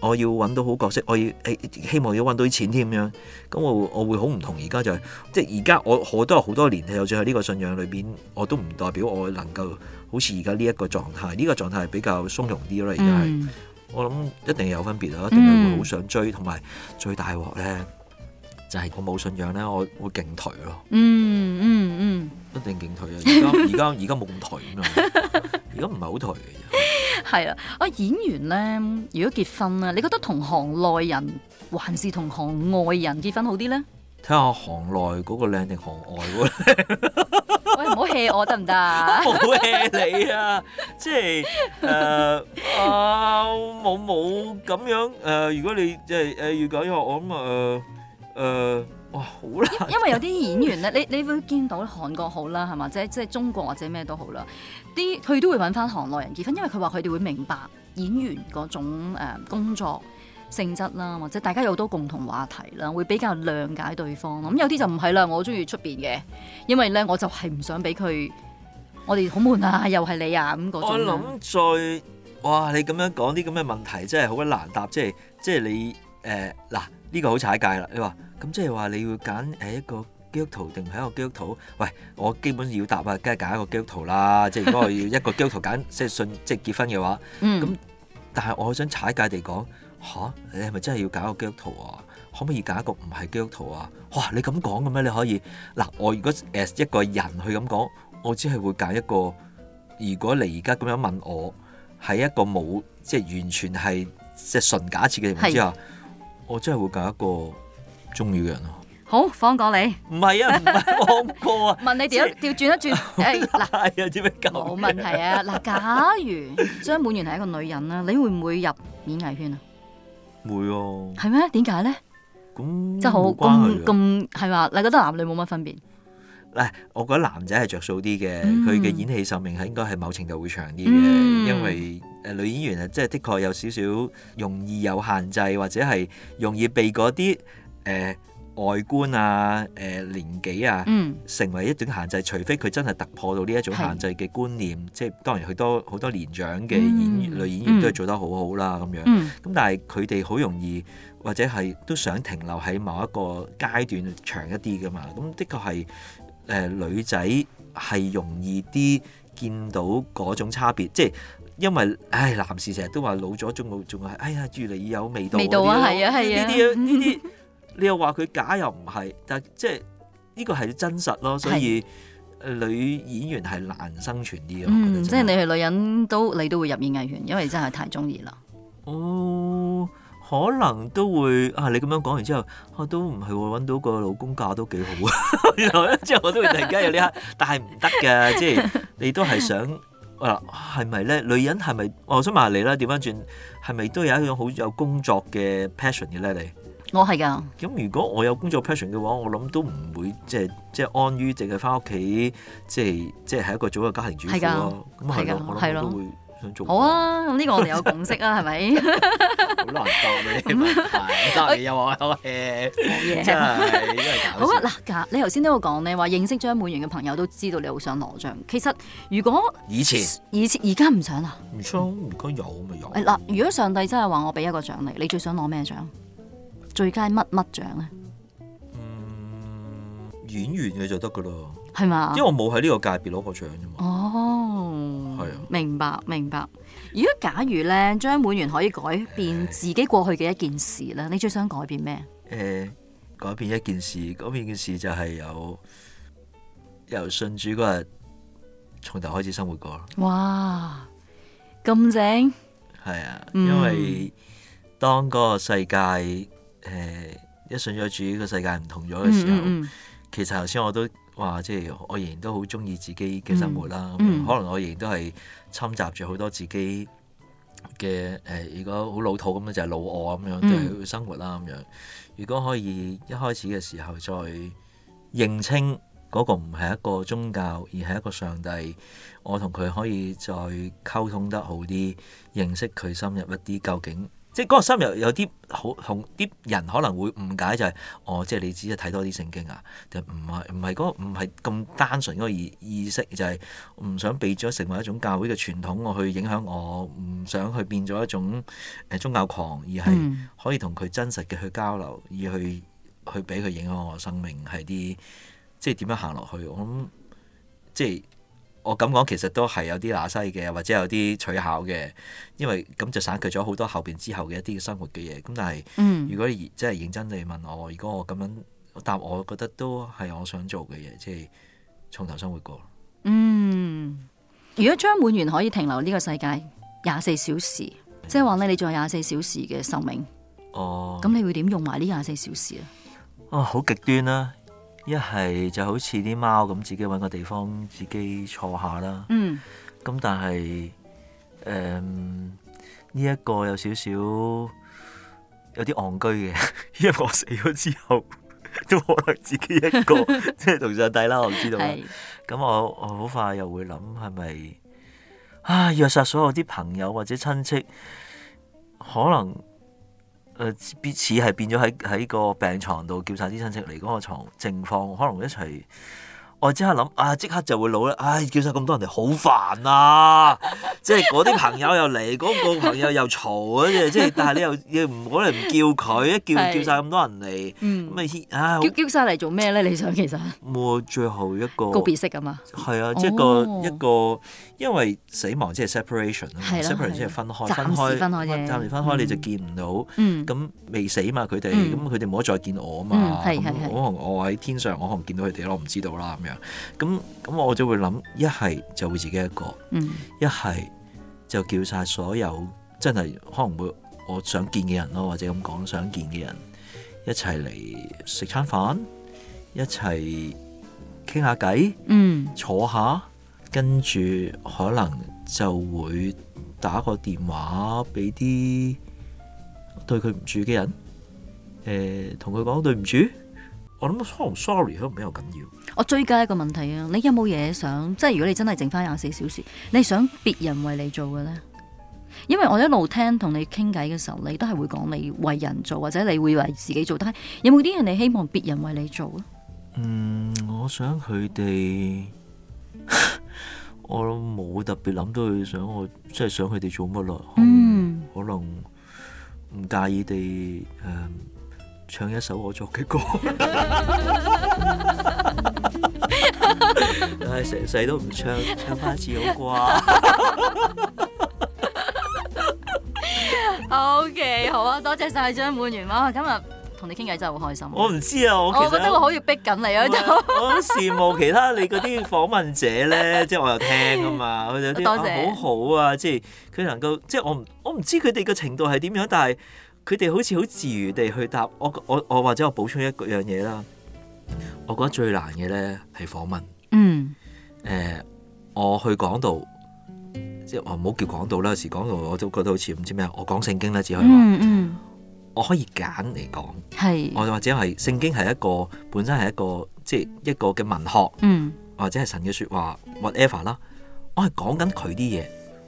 我要揾到好角色，我要、哎、希望要揾到啲錢添咁樣，咁我我會好唔同、就是。而家就係即係而家我我都好多年，又在喺呢個信仰裏邊，我都唔代表我能夠好似而家呢一個狀態。呢、這個狀態比較鬆容啲咯，而家係我諗一定有分別啦，一定係會好想追。同埋最大鑊咧，就係我冇信仰咧，我會勁頹咯。嗯嗯嗯，一定勁頹啊！而家而家而家冇咁頹咁樣，而家唔係好頹嘅。係啊，啊演員咧，如果結婚啊，你覺得同行內人還是同行外人結婚好啲咧？睇下行內嗰個靚定行外嗰個靚？ [laughs] 喂，唔好 hea 我得唔得啊？唔好 hea 你啊，即係誒，啊冇冇咁樣誒、啊，如果你即係誒要講呢我咁啊誒。呃呃呃好啦，因為有啲演員咧，你你會見到韓國好啦，係嘛？即即中國或者咩都好啦，啲佢都會揾翻韓國人結婚，因為佢話佢哋會明白演員嗰種誒工作性質啦，或者大家有好多共同話題啦，會比較諒解對方。咁有啲就唔係啦，我中意出邊嘅，因為咧我就係唔想俾佢，我哋好悶啊，又係你啊，咁我諗再哇，你咁樣講啲咁嘅問題真係好鬼難答，即係即係你誒嗱。呃呢個好踩界啦！你話咁即係話你要揀誒一個基督徒定係一個基督徒？喂，我基本要答啊，梗係揀一個基督徒啦。即係如果我要一個基督徒揀 [laughs] 即係信即係結婚嘅話，咁、嗯、但係我好想踩界地講吓，你係咪真係要揀一個基督徒啊？可唔可以揀一個唔係基督徒啊？哇！你咁講嘅咩？你可以嗱，我如果 as 一個人去咁講，我只係會揀一個。如果你而家咁樣問我，係一個冇即係完全係即係純假設嘅，唔知啊。我真係會揀一個中意嘅人咯。好，放過你。唔係啊，唔放過啊。問你調一調轉一轉。嗱，有點咩搞？冇問題啊。嗱，假如張滿源係一個女人啊，你會唔會入演藝圈啊？會啊。係咩？點解咧？咁即係好關佢。咁係嘛？你覺得男女冇乜分別？嗱，我覺得男仔係着數啲嘅，佢嘅演戲壽命係應該係某程度會長啲嘅，因為。誒、呃、女演員啊，即係的確有少少容易有限制，或者係容易被嗰啲誒外觀啊、誒、呃、年紀啊，嗯、成為一種限制。除非佢真係突破到呢一種限制嘅觀念，是即係當然好多好多年長嘅演員、嗯、女演員都係做得好好啦咁、嗯、樣。咁但係佢哋好容易或者係都想停留喺某一個階段長一啲㗎嘛。咁的確係誒女仔係容易啲見到嗰種差別，即係。因為唉，男士成日都話老咗仲老，仲係哎呀，越嚟越有味道。味道啊，係啊，係啊。呢啲呢啲，你又話佢假又唔係，但即係呢個係真實咯。所以女演員係難生存啲嘅。嗯，即係你係女人都你都會入演藝圈，因為真係太中意啦。哦，可能都會啊。你咁樣講完之後，我都唔係會搵到個老公嫁都幾好啊。原來呢，之後我都會突然間有呢下，但係唔得嘅，即係你都係想。啊，係咪咧？女人係咪？我想問下你啦，掉翻轉係咪都有一種好有工作嘅 passion 嘅咧？你我係噶。咁、嗯、如果我有工作 passion 嘅話，我諗都唔會即係即係安於淨係翻屋企，即係即係係一個做嘅家庭主婦咯。咁係咯，我諗我都會。好啊，咁、這、呢個我哋有共識啊，係咪 [laughs] 吧？好 [laughs] 難講你，係得你有我有，我 [laughs] 真係你都係搞。好啊，嗱，你頭先都講咧，話認識張滿源嘅朋友都知道你好想攞獎。其實如果以前、以前、而家唔想啦、啊。唔想，而家有咪有？誒嗱，如果上帝真係話我俾一個獎勵你，你最想攞咩獎？最佳乜乜獎啊？嗯，演員嘅就得噶啦。係嘛？因為我冇喺呢個界別攞過獎啫嘛。哦，係啊的，明白明白。如果假如咧，張滿源可以改變自己過去嘅一件事咧，呃、你最想改變咩？誒、呃，改變一件事，改變件事就係有由信主嗰日從頭開始生活過咯。哇，咁正！係啊的，嗯、因為當嗰個世界誒、呃、一信咗主,主，呢個世界唔同咗嘅時候，嗯嗯、其實頭先我都。話即係我仍然都好鍾意自己嘅生活啦、嗯，可能我仍然都係侵襲住好多自己嘅誒、呃，如果好老土咁樣就係、是、老我咁樣對生活啦咁、嗯、樣。如果可以一開始嘅時候再認清嗰個唔係一個宗教，而係一個上帝，我同佢可以再溝通得好啲，認識佢深入一啲，究竟。即係嗰個心又有啲好同啲人可能會誤解就係、是、哦，即係你只係睇多啲聖經啊，就唔係唔係嗰個唔係咁單純嗰個意意識，就係唔想俾咗成為一種教會嘅傳統，我去影響我，唔想去變咗一種誒宗教狂，而係可以同佢真實嘅去交流，而去去俾佢影響我生命係啲即係點樣行落去？我諗即係。我咁講其實都係有啲乸西嘅，或者有啲取巧嘅，因為咁就省卻咗好多後邊之後嘅一啲生活嘅嘢。咁但係，嗯、如果你真係認真地問我，如果我咁樣答，我覺得都係我想做嘅嘢，即係從頭生活過。嗯，如果張滿源可以停留呢個世界廿四小時，即係話咧，你仲有廿四小時嘅壽命。嗯嗯、哦，咁你會點用埋呢廿四小時啊？啊，好極端啦！一係就好似啲貓咁，自己搵個地方自己坐下啦。嗯、咁、嗯、但係誒呢一個有少少有啲戇居嘅，因為我死咗之後都可能自己一個， [laughs] 即係同上帝啦，我唔知道啦 [laughs] 是。咁、嗯、我我好快又會諗係咪啊，虐殺所有啲朋友或者親戚，可能。誒，似係、呃、變咗喺喺個病床度叫晒啲親戚嚟嗰個床正方，可能一齊，我即刻諗啊，即刻就會老啦！唉、哎，叫晒咁多人嚟好煩啊！即係嗰啲朋友又嚟，嗰、那個朋友又嘈啊！即係，但係你又唔可能唔叫佢，一叫叫晒咁多人嚟，咁啊、嗯哎！叫晒嚟做咩咧？你想其實，我最後一個告別式啊嘛，係啊，一個一個。哦一個因為死亡即係 separation 啦 separation 即係分開、分開、分開暫時分開你就見唔到，咁未、嗯、死嘛佢哋，咁佢哋冇得再見我啊嘛。咁、嗯、我喺天上，我可能見到佢哋咯，我唔知道啦咁樣。咁咁我就會諗，一係就會自己一個，一係、嗯、就叫晒所有真係可能會我想見嘅人咯，或者咁講想見嘅人一齊嚟食餐飯，一齊傾下偈，坐下。嗯。跟住可能就會打個電話俾啲對佢唔住嘅人，誒、呃，同佢講對唔住。我諗 sorry 可能比較緊要。我追加一個問題啊，你有冇嘢想？即係如果你真係剩翻廿四小時，你想別人為你做嘅呢？因為我一路聽同你傾偈嘅時候，你都係會講你為人做，或者你會為自己做。但係有冇啲人你希望別人為你做咧？嗯，我想佢哋。 [laughs] 我冇特別諗到佢想我，我即係想佢哋做乜咯？嗯、可能唔介意哋，誒、呃、唱一首我作嘅歌，但係成世都唔唱，唱翻一次好啩？OK，好啊，多謝晒張滿元哥今日。同你傾偈真係好開心。我唔知啊，我，我覺得我好似逼緊你啊！是 [laughs] 我好羨慕其他你嗰啲訪問者咧，即係我又聽㗎嘛，佢哋啲好好啊，即係佢能夠即係我唔我唔知佢哋嘅程度係點樣，但係佢哋好似好自如地去答我。我我我或者我補充一個樣嘢啦，我覺得最難嘅咧係訪問。嗯、呃，我去講道，即係我唔好叫講道啦，有時講道我都覺得好似唔知咩，我講聖經啦，只可以話。嗯我可以揀嚟講，是我或者係聖經係一個本身係一個即係一個嘅文學，嗯、或者係神嘅説話 whatever 啦。我係講緊佢啲嘢，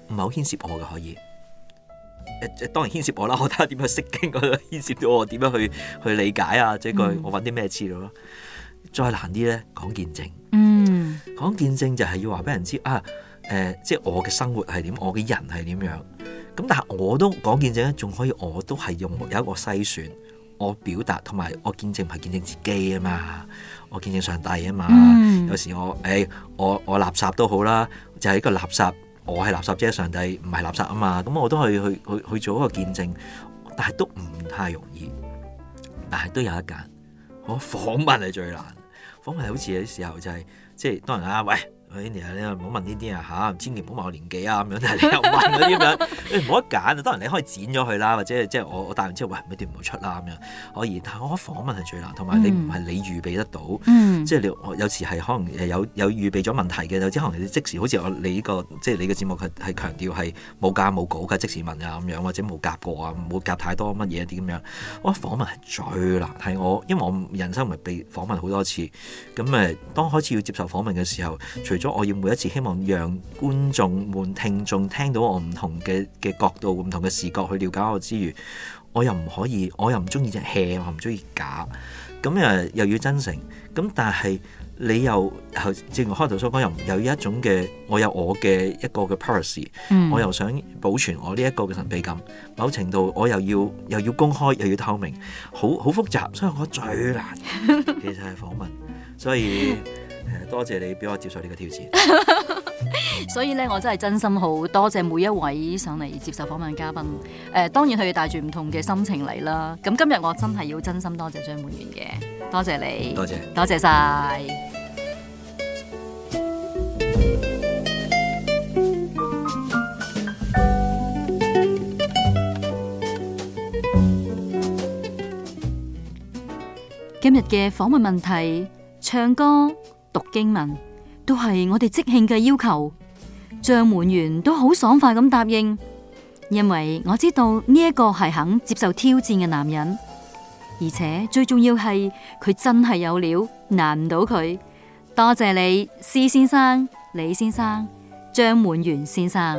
唔係好牽涉我嘅可以。誒當然牽涉我啦，我睇下點樣識經，我牽涉到我點樣去去理解啊，或者我揾啲咩資料咯。嗯、再難啲咧，講見證，嗯，講見證就係要話俾人知啊，誒、呃，即係我嘅生活係點，我嘅人係點樣。咁但係我都講見證，仲可以我都係用有一個篩選，我表達同埋我見證係見證自己啊嘛，我見證上帝啊嘛。Mm. 有時我誒、欸，我我垃圾都好啦，就係、是、一個垃圾，我係垃圾啫，就是、上帝唔係垃圾啊嘛。咁我都可以去去去做一個見證，但係都唔太容易，但係都有得揀。我訪問係最難，訪問好似有時候就係、是、即係，當然啊喂。哎呀，你唔、啊、好、啊、問呢啲啊嚇，千祈唔好問我年紀啊咁樣，你又問嗰啲咁樣，你唔好得揀啊。當然你可以剪咗佢啦，或者即係我我帶完之後，喂、哎，你哋唔好出啦咁樣。可以，但係我訪問係最難，同埋你唔係你預備得到，嗯、即係你我有時係可能有有，有預備咗問題嘅、時候，就可、是、能你即時好似我你呢個即係你嘅節目係係強調係冇夾冇稿嘅即時問啊咁樣，或者冇夾過啊，唔好夾太多乜嘢啲咁樣。我訪問係最難，係我因為我人生咪被訪問好多次，咁誒當開始要接受訪問嘅時候，咁我要每一次希望讓觀眾、們聽眾聽到我唔同嘅嘅角度、唔同嘅視覺去了解我之餘，我又唔可以，我又唔中意即係 hea，我唔中意假，咁啊又，又要真誠，咁但係你又正如開頭所講，又有一種嘅，我有我嘅一個嘅 privacy，我又想保存我呢一個嘅神秘感，某程度我又要又要公開，又要透明，好好複雜，所以我最難，其實係訪問， [laughs] 所以。多謝你俾我接受呢個挑戰， [laughs] 所以呢我真係真心好多謝每一位上嚟接受訪問嘉賓。誒、呃，當然佢哋帶住唔同嘅心情嚟啦。咁今日我真係要真心多謝張滿源嘅，多謝你，多謝，多謝晒。 [music] 今日嘅訪問問題，唱歌。讀經文都係我哋即興嘅要求，張滿源都好爽快咁答應，因為我知道呢一個係肯接受挑戰嘅男人，而且最重要係佢真係有料，難唔到佢。多謝你，施先生、李先生、張滿源先生。